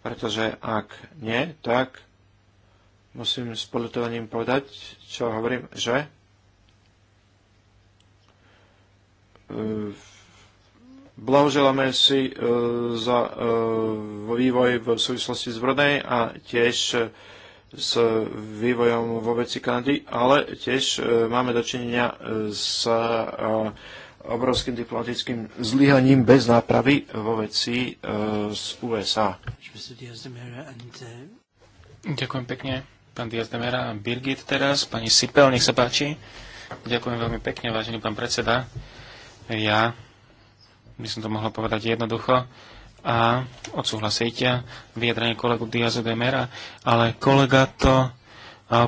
Pretože ak nie, tak musím s politovaním povedať, čo hovorím, že v e, Blahoželáme si e, za e, vývoj v súvislosti s Brunei a tiež e, s vývojom vo veci Kanady, ale tiež máme dočinenia s obrovským diplomatickým zlyhaním bez nápravy vo veci z USA. Ďakujem pekne, pán Diaz de Mera. Birgit teraz, pani Sipel, nech sa páči. Ďakujem veľmi pekne, vážený pán predseda. Ja by som to mohla povedať jednoducho, a odsúhlasíte vyjadrenie kolegu Diaza de Mera, ale kolega to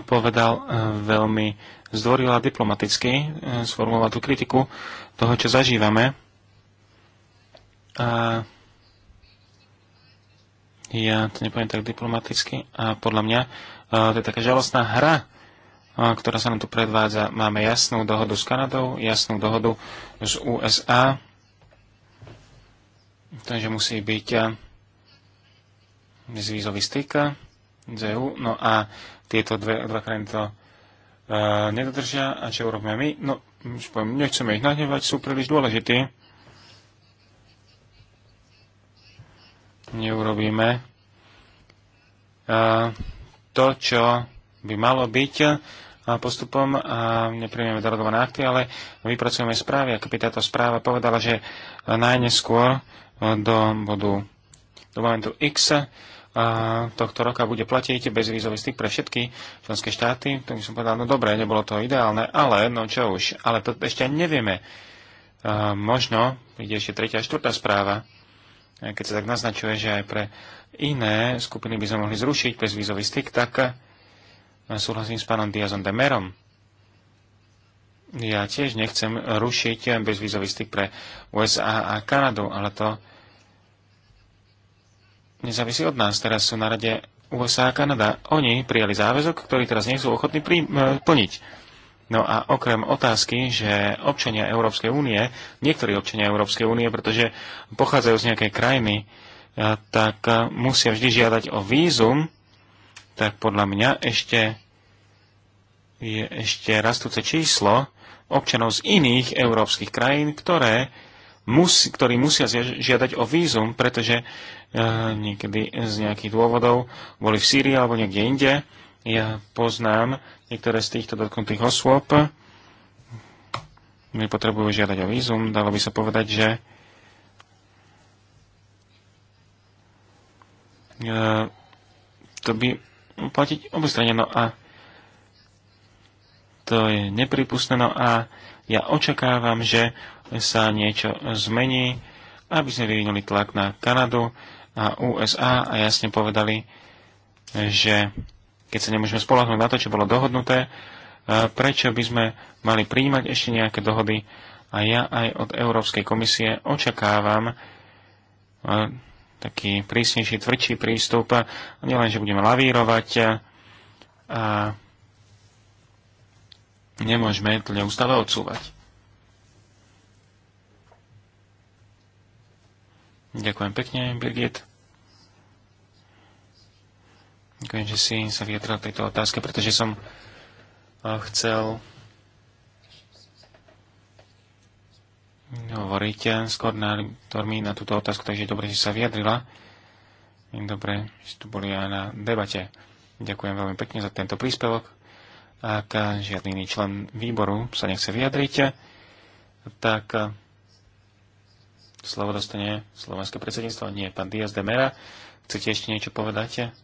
povedal e, veľmi zdvorila diplomaticky, e, sformuloval tú kritiku toho, čo zažívame. A ja to nepoviem tak diplomaticky a podľa mňa e, to je taká žalostná hra, ktorá sa nám tu predvádza. Máme jasnú dohodu s Kanadou, jasnú dohodu z USA, Takže musí byť eh, bezvízový styk z EU. No a tieto dve, dva krajiny to uh, nedodržia. A čo urobíme my? No, poviem, nechceme ich nahnevať, sú príliš dôležití. Neurobíme uh, to, čo by malo byť postupom a nepríjmeme delegované akty, ale vypracujeme správy. Ako by táto správa povedala, že najneskôr do bodu do momentu X a tohto roka bude platiť bezvízový styk pre všetky členské štáty. To by som povedal, no dobre, nebolo to ideálne, ale no čo už, ale to ešte nevieme. A, možno ide ešte tretia a štvrtá správa, keď sa tak naznačuje, že aj pre iné skupiny by sme mohli zrušiť bezvízový styk, tak súhlasím s pánom Diazom Demerom. Ja tiež nechcem rušiť bezvízový styk pre USA a Kanadu, ale to Nezávisí od nás. Teraz sú na rade USA a Kanada. Oni prijali záväzok, ktorý teraz nie sú ochotní prí, plniť. No a okrem otázky, že občania Európskej únie, niektorí občania Európskej únie, pretože pochádzajú z nejakej krajiny, e, tak e, musia vždy žiadať o vízum, tak podľa mňa ešte je ešte rastúce číslo občanov z iných európskych krajín, ktoré mus, ktorí musia žiadať o vízum, pretože e, niekedy z nejakých dôvodov boli v Sýrii alebo niekde inde. Ja poznám niektoré z týchto dotknutých osôb. my potrebujú žiadať o vízum. Dalo by sa povedať, že e, to by platiť obostrane. No a to je nepripustné. No a ja očakávam, že sa niečo zmení, aby sme vyvinuli tlak na Kanadu a USA a jasne povedali, že keď sa nemôžeme spolahnúť na to, čo bolo dohodnuté, e, prečo by sme mali príjmať ešte nejaké dohody a ja aj od Európskej komisie očakávam e, taký prísnejší, tvrdší prístup. Nielen, že budeme lavírovať a nemôžeme to neustále odsúvať. Ďakujem pekne, Birgit. Ďakujem, že si sa vyjadril tejto otázke, pretože som chcel hovoriť skôr na, na túto otázku, takže dobre, že sa vyjadrila. Dobre, že tu boli aj na debate. Ďakujem veľmi pekne za tento príspevok. Ak žiadny iný člen výboru sa nechce vyjadriť, tak slovo dostane slovenské predsedníctvo, nie pán Diaz de Mera. Chcete ešte niečo povedať?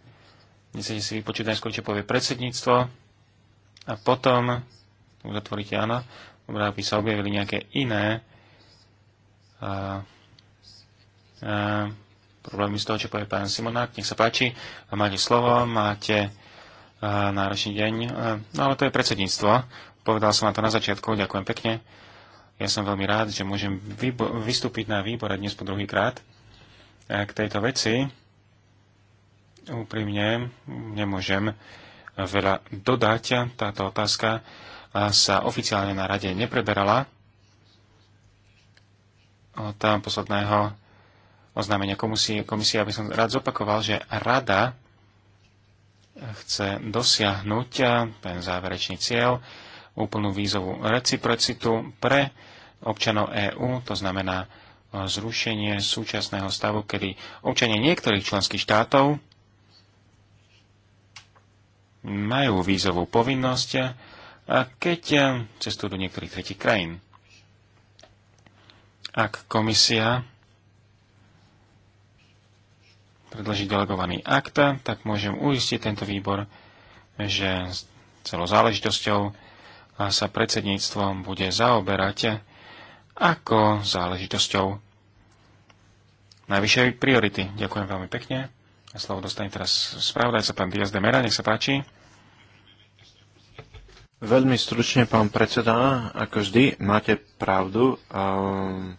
Nechcete si vypočuť najskôr, čo povie predsedníctvo a potom uzatvoríte áno, Dobre, aby sa objavili nejaké iné a, a, problémy z toho, čo povie pán Simonák. Nech sa páči, máte slovo, máte náročný deň, e, no ale to je predsedníctvo. Povedal som vám to na začiatku, ďakujem pekne. Ja som veľmi rád, že môžem vystúpiť na výbore dnes po druhýkrát e, k tejto veci. Úprimne nemôžem veľa dodať. Táto otázka e, sa oficiálne na rade nepreberala od posledného oznámenia komisie, komisie, aby som rád zopakoval, že rada chce dosiahnuť eh, ten záverečný cieľ, úplnú vízovú reciprocitu pre občanov EÚ, to znamená eh, zrušenie súčasného stavu, kedy občania niektorých členských štátov majú vízovú povinnosť, eh, keď cestujú do niektorých tretich krajín. Ak komisia predložiť delegovaný akt, tak môžem uistiť tento výbor, že s celou záležitosťou sa predsedníctvo bude zaoberať ako záležitosťou najvyššej priority. Ďakujem veľmi pekne. A slovo dostane teraz spravodajca pán Diaz de Mera, nech sa páči. Veľmi stručne, pán predseda, ako vždy, máte pravdu. Um,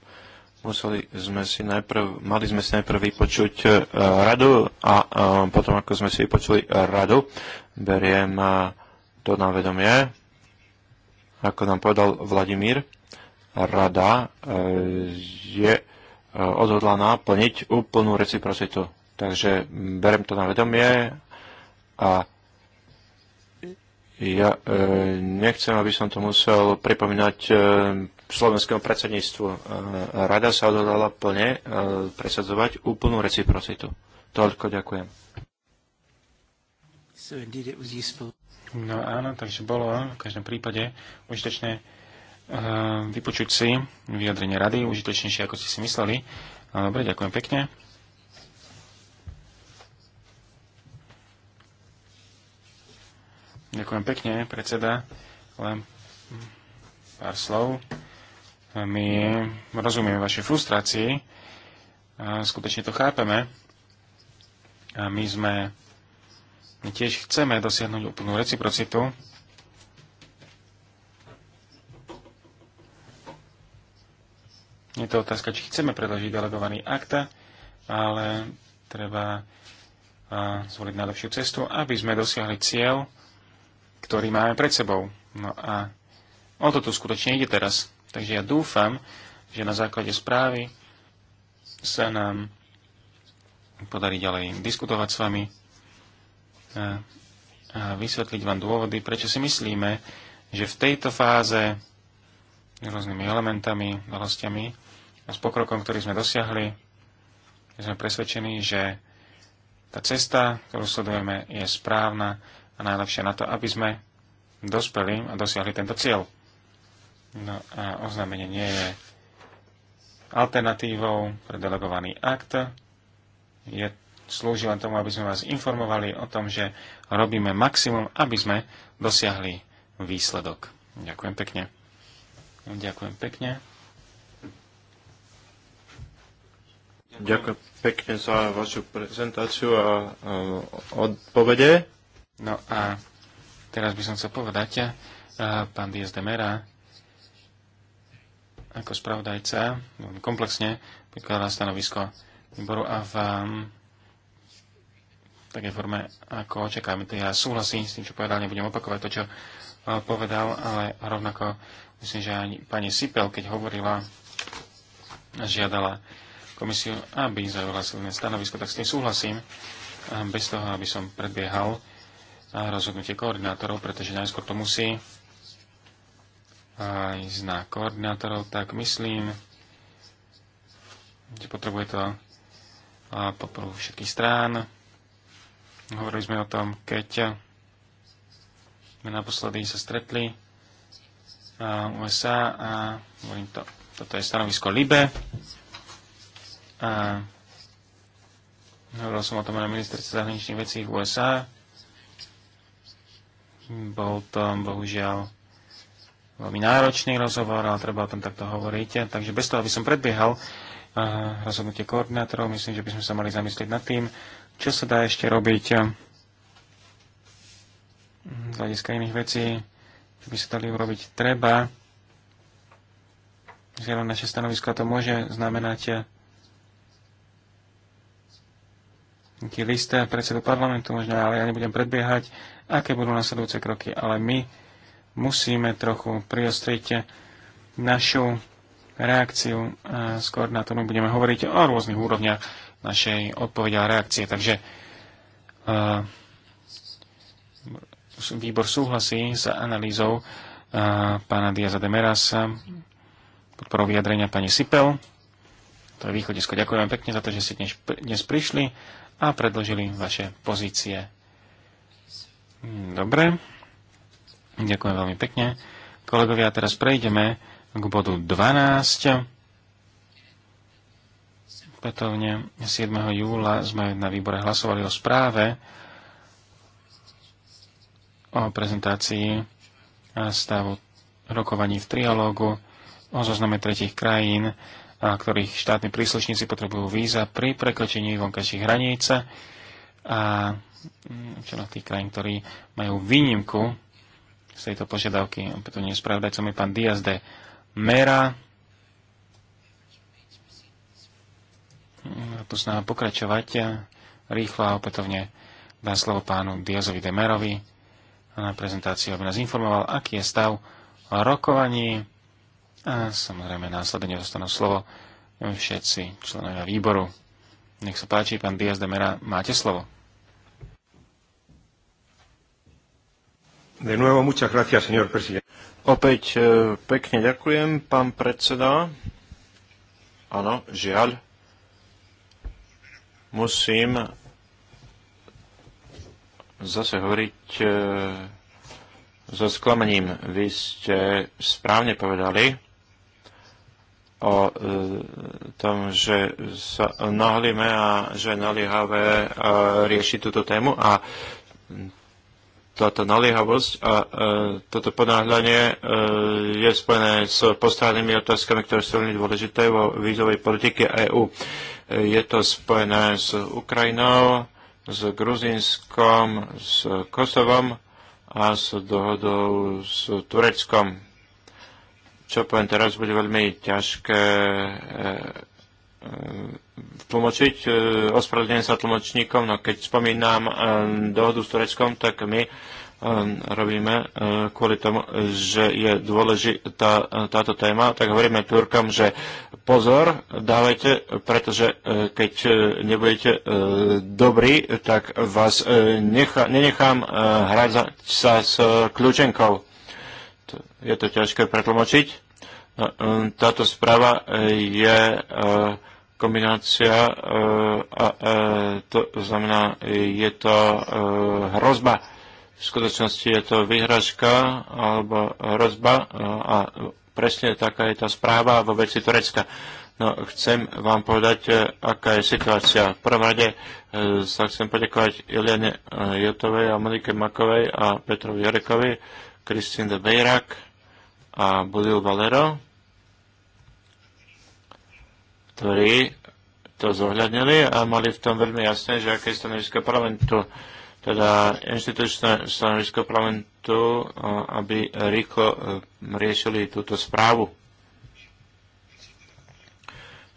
museli sme si najprv, mali sme si najprv vypočuť e, radu a e, potom ako sme si vypočuli radu, beriem e, to na vedomie, ako nám povedal Vladimír, rada je odhodlaná plniť úplnú reciprocitu. Takže berem to na vedomie a ja e, nechcem, aby som to musel pripomínať e, slovenskému predsedníctvu. E, Rada sa odhodala plne e, presadzovať úplnú reciprocitu. Toľko ďakujem. No áno, takže bolo v každom prípade užitočné e, vypočuť si vyjadrenie rady, užitočnejšie ako ste si mysleli. No, dobre, ďakujem pekne. Ďakujem pekne, predseda. Len pár slov. My rozumieme vašej frustrácii, a skutočne to chápeme a my sme my tiež chceme dosiahnuť úplnú reciprocitu. Je to otázka, či chceme predložiť delegovaný akta, ale treba zvoliť najlepšiu cestu, aby sme dosiahli cieľ, ktorý máme pred sebou. No a o to tu skutočne ide teraz. Takže ja dúfam, že na základe správy sa nám podarí ďalej diskutovať s vami a, vysvetliť vám dôvody, prečo si myslíme, že v tejto fáze rôznymi elementami, dalostiami a s pokrokom, ktorý sme dosiahli, sme presvedčení, že tá cesta, ktorú sledujeme, je správna a najlepšia na to, aby sme dospeli a dosiahli tento cieľ. No a oznámenie nie je alternatívou pre delegovaný akt. Je, slúži len tomu, aby sme vás informovali o tom, že robíme maximum, aby sme dosiahli výsledok. Ďakujem pekne. Ďakujem pekne. Ďakujem pekne za vašu prezentáciu a odpovede. No a teraz by som chcel povedať, eh, pán Diaz de Mera, ako spravodajca veľmi komplexne prikladá stanovisko výboru a v um, takej forme, ako očakávame. To ja súhlasím s tým, čo povedal, nebudem opakovať to, čo uh, povedal, ale rovnako myslím, že ani pani Sipel, keď hovorila, žiadala komisiu, aby zaujala silné stanovisko, tak s tým súhlasím, uh, bez toho, aby som predbiehal uh, rozhodnutie koordinátorov, pretože najskôr to musí aj zná koordinátorov, tak myslím, že potrebuje to podporu všetkých strán. Hovorili sme o tom, keď sme naposledy sa stretli USA a hovorím to, toto je stanovisko LIBE. A hovoril som o tom na ministerstve zahraničných vecí v USA. Bol to bohužiaľ veľmi náročný rozhovor, ale treba o tom takto hovoriť. Takže bez toho, aby som predbiehal eh, rozhodnutie koordinátorov, myslím, že by sme sa mali zamyslieť nad tým, čo sa dá ešte robiť eh, z hľadiska iných vecí, čo by sa dali urobiť treba. Zjavne naše stanovisko to môže znamenať eh, nejaký list predsedu parlamentu možno, ale ja nebudem predbiehať, aké budú nasledujúce kroky, ale my musíme trochu priostriť našu reakciu a skôr na tom budeme hovoriť o rôznych úrovniach našej odpovede a reakcie. Takže uh, výbor súhlasí s analýzou uh, pána Diaza de Merasa, podporou vyjadrenia pani Sipel. To je východisko. Ďakujem pekne za to, že ste dnes, dnes prišli a predložili vaše pozície. Dobre. Ďakujem veľmi pekne. Kolegovia, teraz prejdeme k bodu 12. Petovne 7. júla sme na výbore hlasovali o správe o prezentácii stavu rokovaní v trialógu o zozname tretich krajín, ktorých štátni príslušníci potrebujú víza pri prekročení vonkajších hraníc a čo na tých krajín, ktorí majú výnimku z tejto požiadavky. Opätovne spravodajcom je pán Diaz de Mera. Tu snaha pokračovať rýchlo a opätovne dám slovo pánu Diazovi de Merovi na prezentáciu, aby nás informoval, aký je stav rokovaní a samozrejme následne dostanú slovo všetci členovia výboru. Nech sa páči, pán Diaz de Mera, máte slovo. De nuevo, muchas gracias, señor presidente. Opäť e, pekne ďakujem, pán predseda. Áno, žiaľ. Musím zase hovoriť e, so sklamením. Vy ste správne povedali o e, tom, že sa nahlíme a že naliehavé rieši túto tému a táto naliehavosť a e, toto ponáhľanie e, je spojené s postavenými otázkami, ktoré sú veľmi dôležité vo vízovej politike EÚ. E, je to spojené s Ukrajinou, s Gruzinskom, s Kosovom a s dohodou s Tureckom. Čo poviem teraz, bude veľmi ťažké e, e, tlmočiť. E, ospravedlňujem sa tlmočníkom, no keď spomínam e, dohodu s Tureckom, tak my e, robíme kvôli tomu, že je dôležitá táto téma, tak hovoríme Turkom, že pozor, dávajte, pretože keď nebudete dobrí, tak vás necha, nenechám hrať sa s kľúčenkou. Je to ťažké pretlmočiť. No, táto správa je kombinácia eh, a eh, to znamená, je to eh, hrozba. V skutočnosti je to vyhražka alebo hrozba a presne taká je tá správa vo veci Turecka. No, chcem vám povedať, aká je situácia. V prvom rade sa chcem poďakovať Iliane Jotovej a Monike Makovej a Petrovi Jarekovi, de Beirak a Budil Valero ktorí to zohľadnili a mali v tom veľmi jasné, že aké stanovisko parlamentu, teda inštitučné stanovisko parlamentu, aby rýchlo e, riešili túto správu.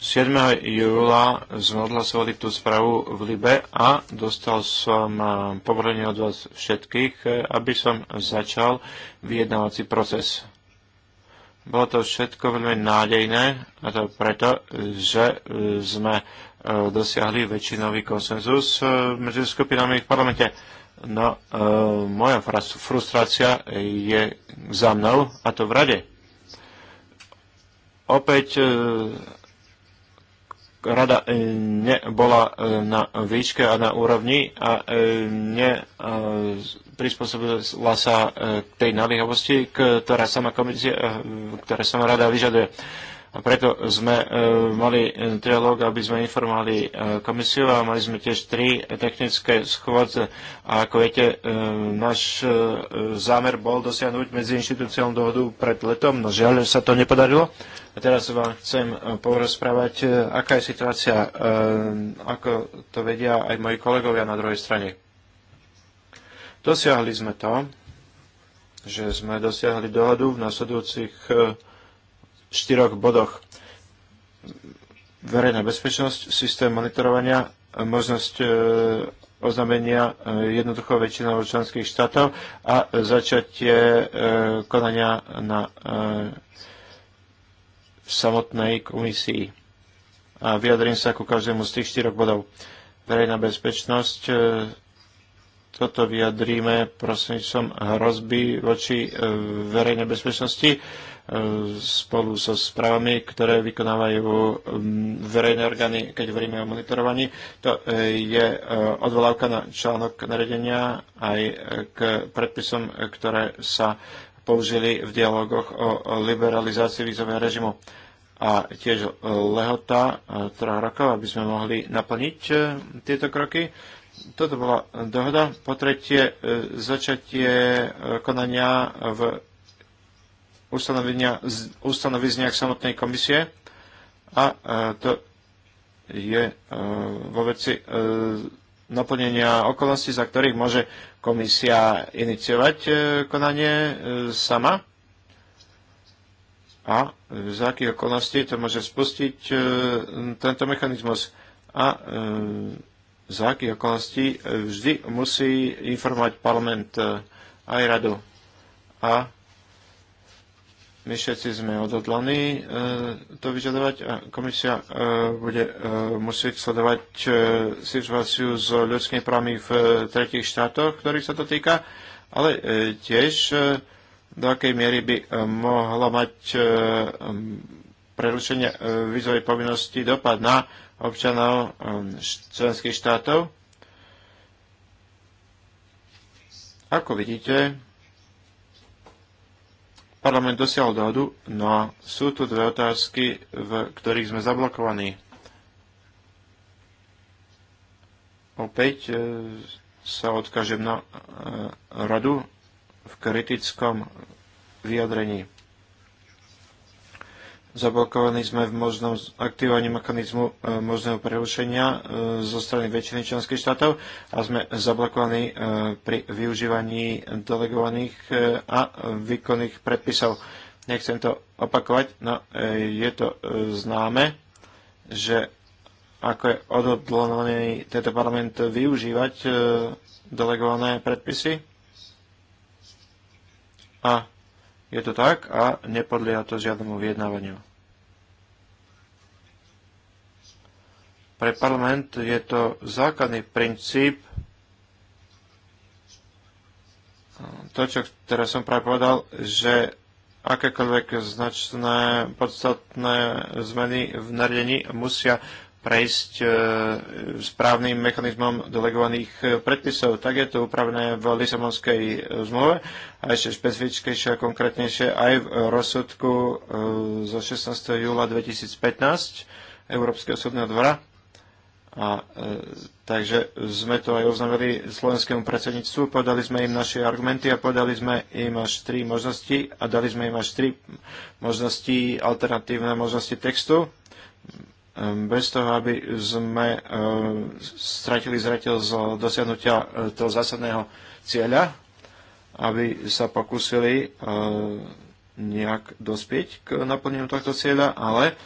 7. júla sme odhlasovali tú správu v Libe a dostal som e, povolenie od vás všetkých, e, aby som začal vyjednávací proces. Bolo to všetko veľmi nádejné, a to preto, že e, sme e, dosiahli väčšinový konsenzus e, medzi skupinami v parlamente. No, moja frustrácia je za mnou, a to v rade. Opäť rada e, nebola e, na výške a na úrovni a e, neprispôsobila sa k tej naliehavosti, ktorá sama, komisie, ktorá sama rada vyžaduje a preto sme e, mali dialog, e, aby sme informovali e, komisiu a mali sme tiež tri technické schôdze. A ako viete, e, náš e, zámer bol dosiahnuť medzi inštitúciou dohodu pred letom, no žiaľ sa to nepodarilo. A teraz vám chcem e, porozprávať, e, aká je situácia, e, ako to vedia aj moji kolegovia na druhej strane. Dosiahli sme to, že sme dosiahli dohodu v nasledujúcich e, štyroch bodoch. Verejná bezpečnosť, systém monitorovania, možnosť e, oznámenia e, jednoducho väčšinou členských štátov a začatie e, konania na samotnej komisii. A vyjadrím sa ku každému z tých štyroch bodov. Verejná bezpečnosť, toto vyjadríme som hrozby voči verejnej bezpečnosti spolu so správami, ktoré vykonávajú um, verejné orgány, keď hovoríme o monitorovaní. To eh, je eh, odvolávka na článok naredenia aj eh, k predpisom, ktoré sa použili v dialogoch o liberalizácii vízového režimu a tiež lehota troch rokov, aby sme mohli naplniť tieto kroky. Toto bola dohoda. Po tretie, začatie konania v ustanovizniach samotnej komisie a e, to je e, vo veci e, naplnenia okolností, za ktorých môže komisia iniciovať konanie sama a za akých okolností to môže spustiť tento mechanizmus a za akých okolností vždy musí informovať parlament aj radu. A my všetci sme odhodlaní e, to vyžadovať a komisia e, bude e, musieť sledovať situáciu s ľudskými právmi v tretich štátoch, ktorých sa to týka, ale tiež do akej miery by mohla mať prerušenie výzovej povinnosti dopad na občanov členských štátov. Ako vidíte, parlament dosiahol dohodu, no sú tu dve otázky, v ktorých sme zablokovaní. Opäť e, sa odkážem na e, radu v kritickom vyjadrení. Zablokovaní sme v možnom aktivovaní mechanizmu e, možného prerušenia e, zo strany väčšiny členských štátov a sme zablokovaní e, pri využívaní delegovaných a výkonných predpisov. Nechcem to opakovať, no je to známe, že ako je odhodlaný tento parlament využívať delegované predpisy a je to tak a nepodlieha to žiadnemu vyjednávaniu. Pre parlament je to základný princíp to, čo teraz som práve povedal, že akékoľvek značné, podstatné zmeny v nariadení musia prejsť e, správnym mechanizmom delegovaných e, predpisov. Tak je to upravené v Lisabonskej e, zmluve a ešte špecifickejšie a konkrétnejšie aj v rozsudku zo 16. júla 2015 Európskeho súdneho dvora. A, e, takže sme to aj oznámili slovenskému predsedníctvu, podali sme im naše argumenty a podali sme im až tri možnosti a dali sme im až tri možnosti, alternatívne možnosti textu Ehm, bez toho, aby sme ehm, stratili zreteľ z dosiahnutia e, toho zásadného cieľa, aby sa pokúsili e, nejak dospieť k naplneniu tohto cieľa, ale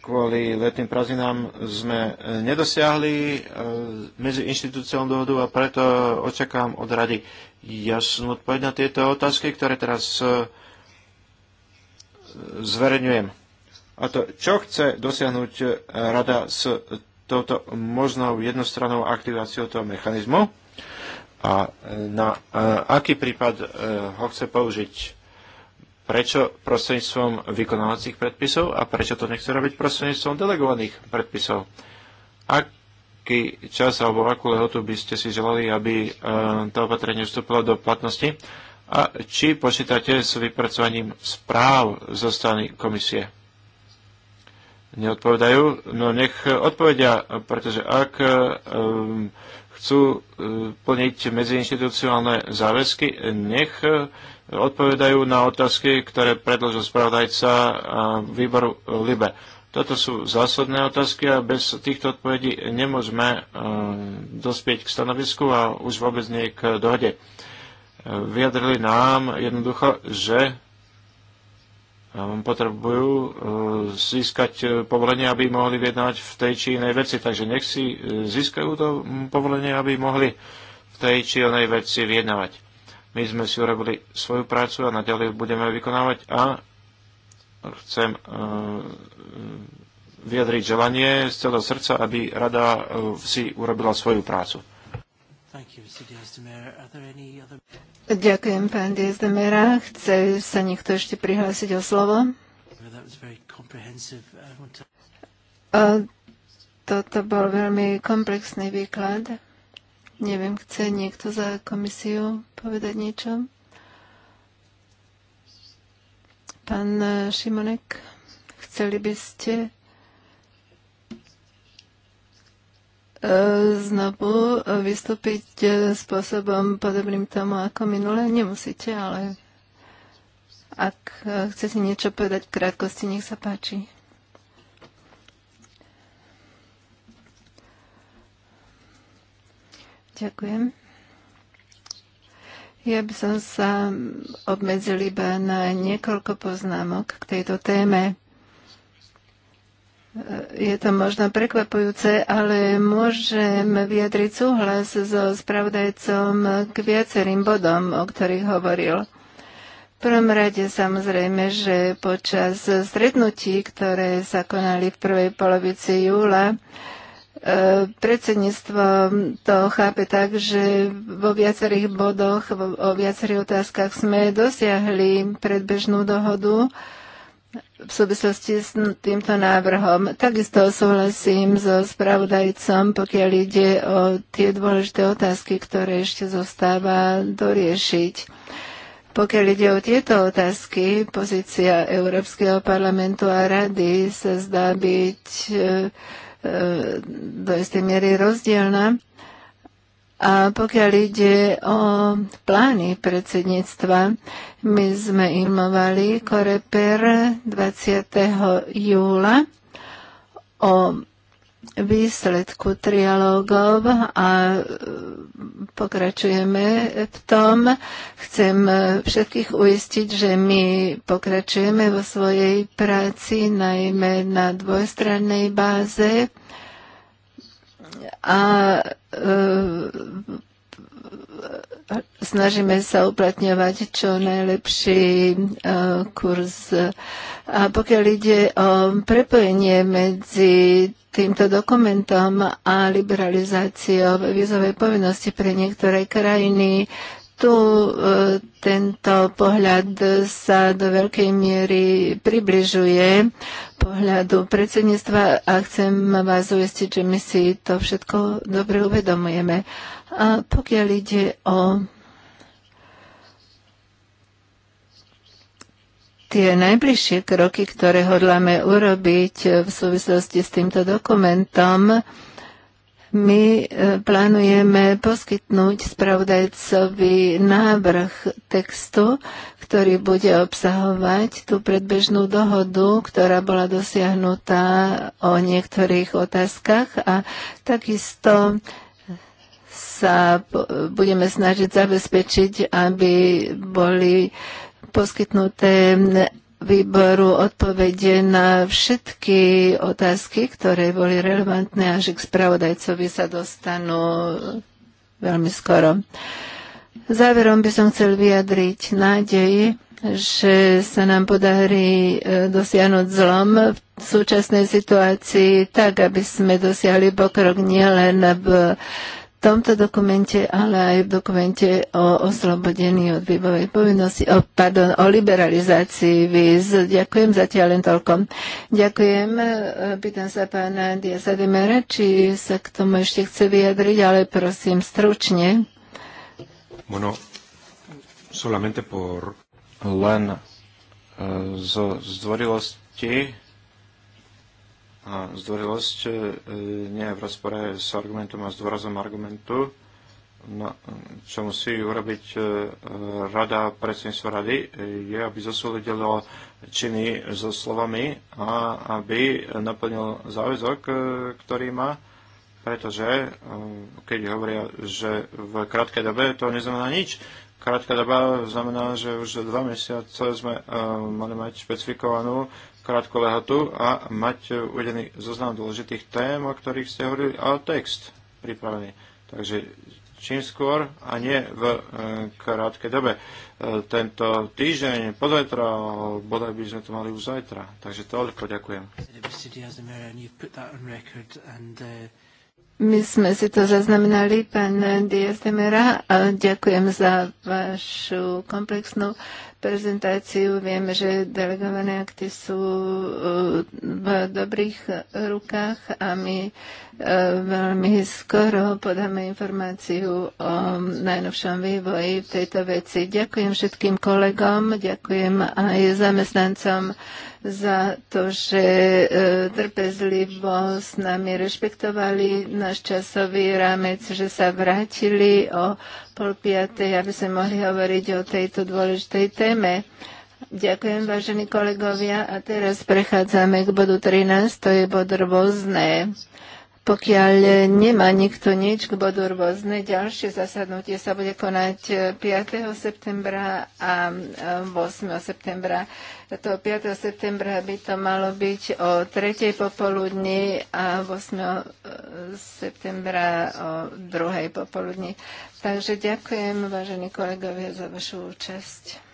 kvôli letným prázdninám sme nedosiahli e, inštitúciou dohodu a preto očakám od rady jasnú odpoveď na tieto otázky, ktoré teraz zverejňujem a to, čo chce dosiahnuť e, rada s touto možnou jednostrannou aktiváciou toho mechanizmu a e, na e, aký prípad ho chce použiť. Prečo prostredníctvom vykonávacích predpisov a prečo to nechce robiť prostredníctvom delegovaných predpisov? Aký čas alebo akú lehotu by ste si želali, aby to opatrenie vstúpilo do platnosti? A či počítate s vypracovaním správ zo strany komisie? neodpovedajú, no nech odpovedia, pretože ak um, chcú eh, plniť medziinstitucionálne záväzky, nech eh, odpovedajú na otázky, ktoré predložil spravodajca výboru LIBE. Toto sú zásadné otázky a bez týchto odpovedí nemôžeme dospieť k stanovisku a už vôbec nie k dohode. Vyjadrili nám jednoducho, že potrebujú e, získať e, povolenie, aby mohli vyjednávať v tej či inej veci. Takže nech si e, získajú to povolenie, aby mohli v tej či inej veci vyjednávať. My sme si urobili svoju prácu a naďalej budeme vykonávať a chcem vyjadriť želanie z celého srdca, aby rada si urobila svoju prácu. Ďakujem, pán Diezdemera. Chce sa niekto ešte prihlásiť o slovo? Uh, A Toto bol veľmi komplexný výklad. Neviem, chce niekto za komisiu povedať niečo? Pán Šimonek, chceli by ste E, znovu vystúpiť e, spôsobom podobným tomu ako minule? Nemusíte, ale ak e, chcete niečo povedať v krátkosti, nech sa páči. Ďakujem. Ja by som sa obmedzil iba na niekoľko poznámok k tejto téme je to možno prekvapujúce, ale môžem vyjadriť súhlas so spravodajcom k viacerým bodom, o ktorých hovoril. V prvom rade samozrejme, že počas stretnutí, ktoré sa konali v prvej polovici júla, e, predsedníctvo to chápe tak, že vo viacerých bodoch, o viacerých otázkach sme dosiahli predbežnú dohodu v súvislosti s týmto návrhom. Takisto súhlasím so spravodajcom, pokiaľ ide o tie dôležité otázky, ktoré ešte zostáva doriešiť. Pokiaľ ide o tieto otázky, pozícia Európskeho parlamentu a rady sa zdá byť e, e, do istej miery rozdielna. A pokiaľ ide o plány predsedníctva, my sme informovali Koreper 20. júla o výsledku trialógov a e, pokračujeme v tom. Chcem všetkých uistiť, že my pokračujeme vo svojej práci, najmä na dvojstrannej báze a e, snažíme sa uplatňovať čo najlepší e, kurz. A pokiaľ ide o prepojenie medzi týmto dokumentom a liberalizáciou vízovej povinnosti pre niektoré krajiny, tu e, tento pohľad sa do veľkej miery približuje pohľadu predsedníctva a chcem vás uistiť, že my si to všetko dobre uvedomujeme. A pokiaľ ide o tie najbližšie kroky, ktoré hodláme urobiť v súvislosti s týmto dokumentom, my e, plánujeme poskytnúť spravodajcovi návrh textu, ktorý bude obsahovať tú predbežnú dohodu, ktorá bola dosiahnutá o niektorých otázkach a takisto sa budeme snažiť zabezpečiť, aby boli poskytnuté výboru odpovede na všetky otázky, ktoré boli relevantné, až k spravodajcovi sa dostanú veľmi skoro. Záverom by som chcel vyjadriť nádej, že sa nám podarí e, dosiahnuť zlom v súčasnej situácii tak, aby sme dosiahli pokrok nielen v tomto dokumente, ale aj v dokumente o oslobodení od výbovej povinnosti, o, pardon, o liberalizácii víz. Ďakujem zatiaľ len toľko. Ďakujem. E, pýtam sa pána Diasa Demera, či sa k tomu ešte chce vyjadriť, ale prosím stručne. Bueno, solamente por... Len uh, zo zdvorilosti a zdvorilosť e, nie je v rozpore s argumentom a s dôrazom argumentu, no, čo musí urobiť e, rada predsedníctva rady, e, je, aby zosúľadilo činy so slovami a aby naplnil záväzok, ktorý má pretože keď hovoria, že v krátkej dobe to neznamená nič. Krátka doba znamená, že už dva mesiace sme mali mať špecifikovanú krátku lehotu a mať uvedený zoznam dôležitých tém, o ktorých ste hovorili, a text pripravený. Takže čím skôr a nie v e, krátkej dobe. E, tento týždeň, podvetra, bodaj by sme to mali už zajtra. Takže toľko, ďakujem. My sme si to zaznamenali, pán Diaz de Mera. A ďakujem za vašu komplexnú prezentáciu. Vieme, že delegované akty sú uh, v dobrých rukách a my uh, veľmi skoro podáme informáciu o najnovšom vývoji v tejto veci. Ďakujem všetkým kolegom, ďakujem aj zamestnancom za to, že e, trpezlivo s nami rešpektovali náš časový rámec, že sa vrátili o pol piatej, aby sme mohli hovoriť o tejto dôležitej téme. Ďakujem, vážení kolegovia. A teraz prechádzame k bodu 13, to je bod rôzne. Pokiaľ nemá nikto nič k bodu rôzne, ďalšie zasadnutie sa bude konať 5. Eh, septembra a 8. Eh, septembra. To 5. septembra by to malo byť o 3. popoludni a 8. Eh, septembra o 2. popoludni. Takže ďakujem, vážení kolegovia, za vašu účasť.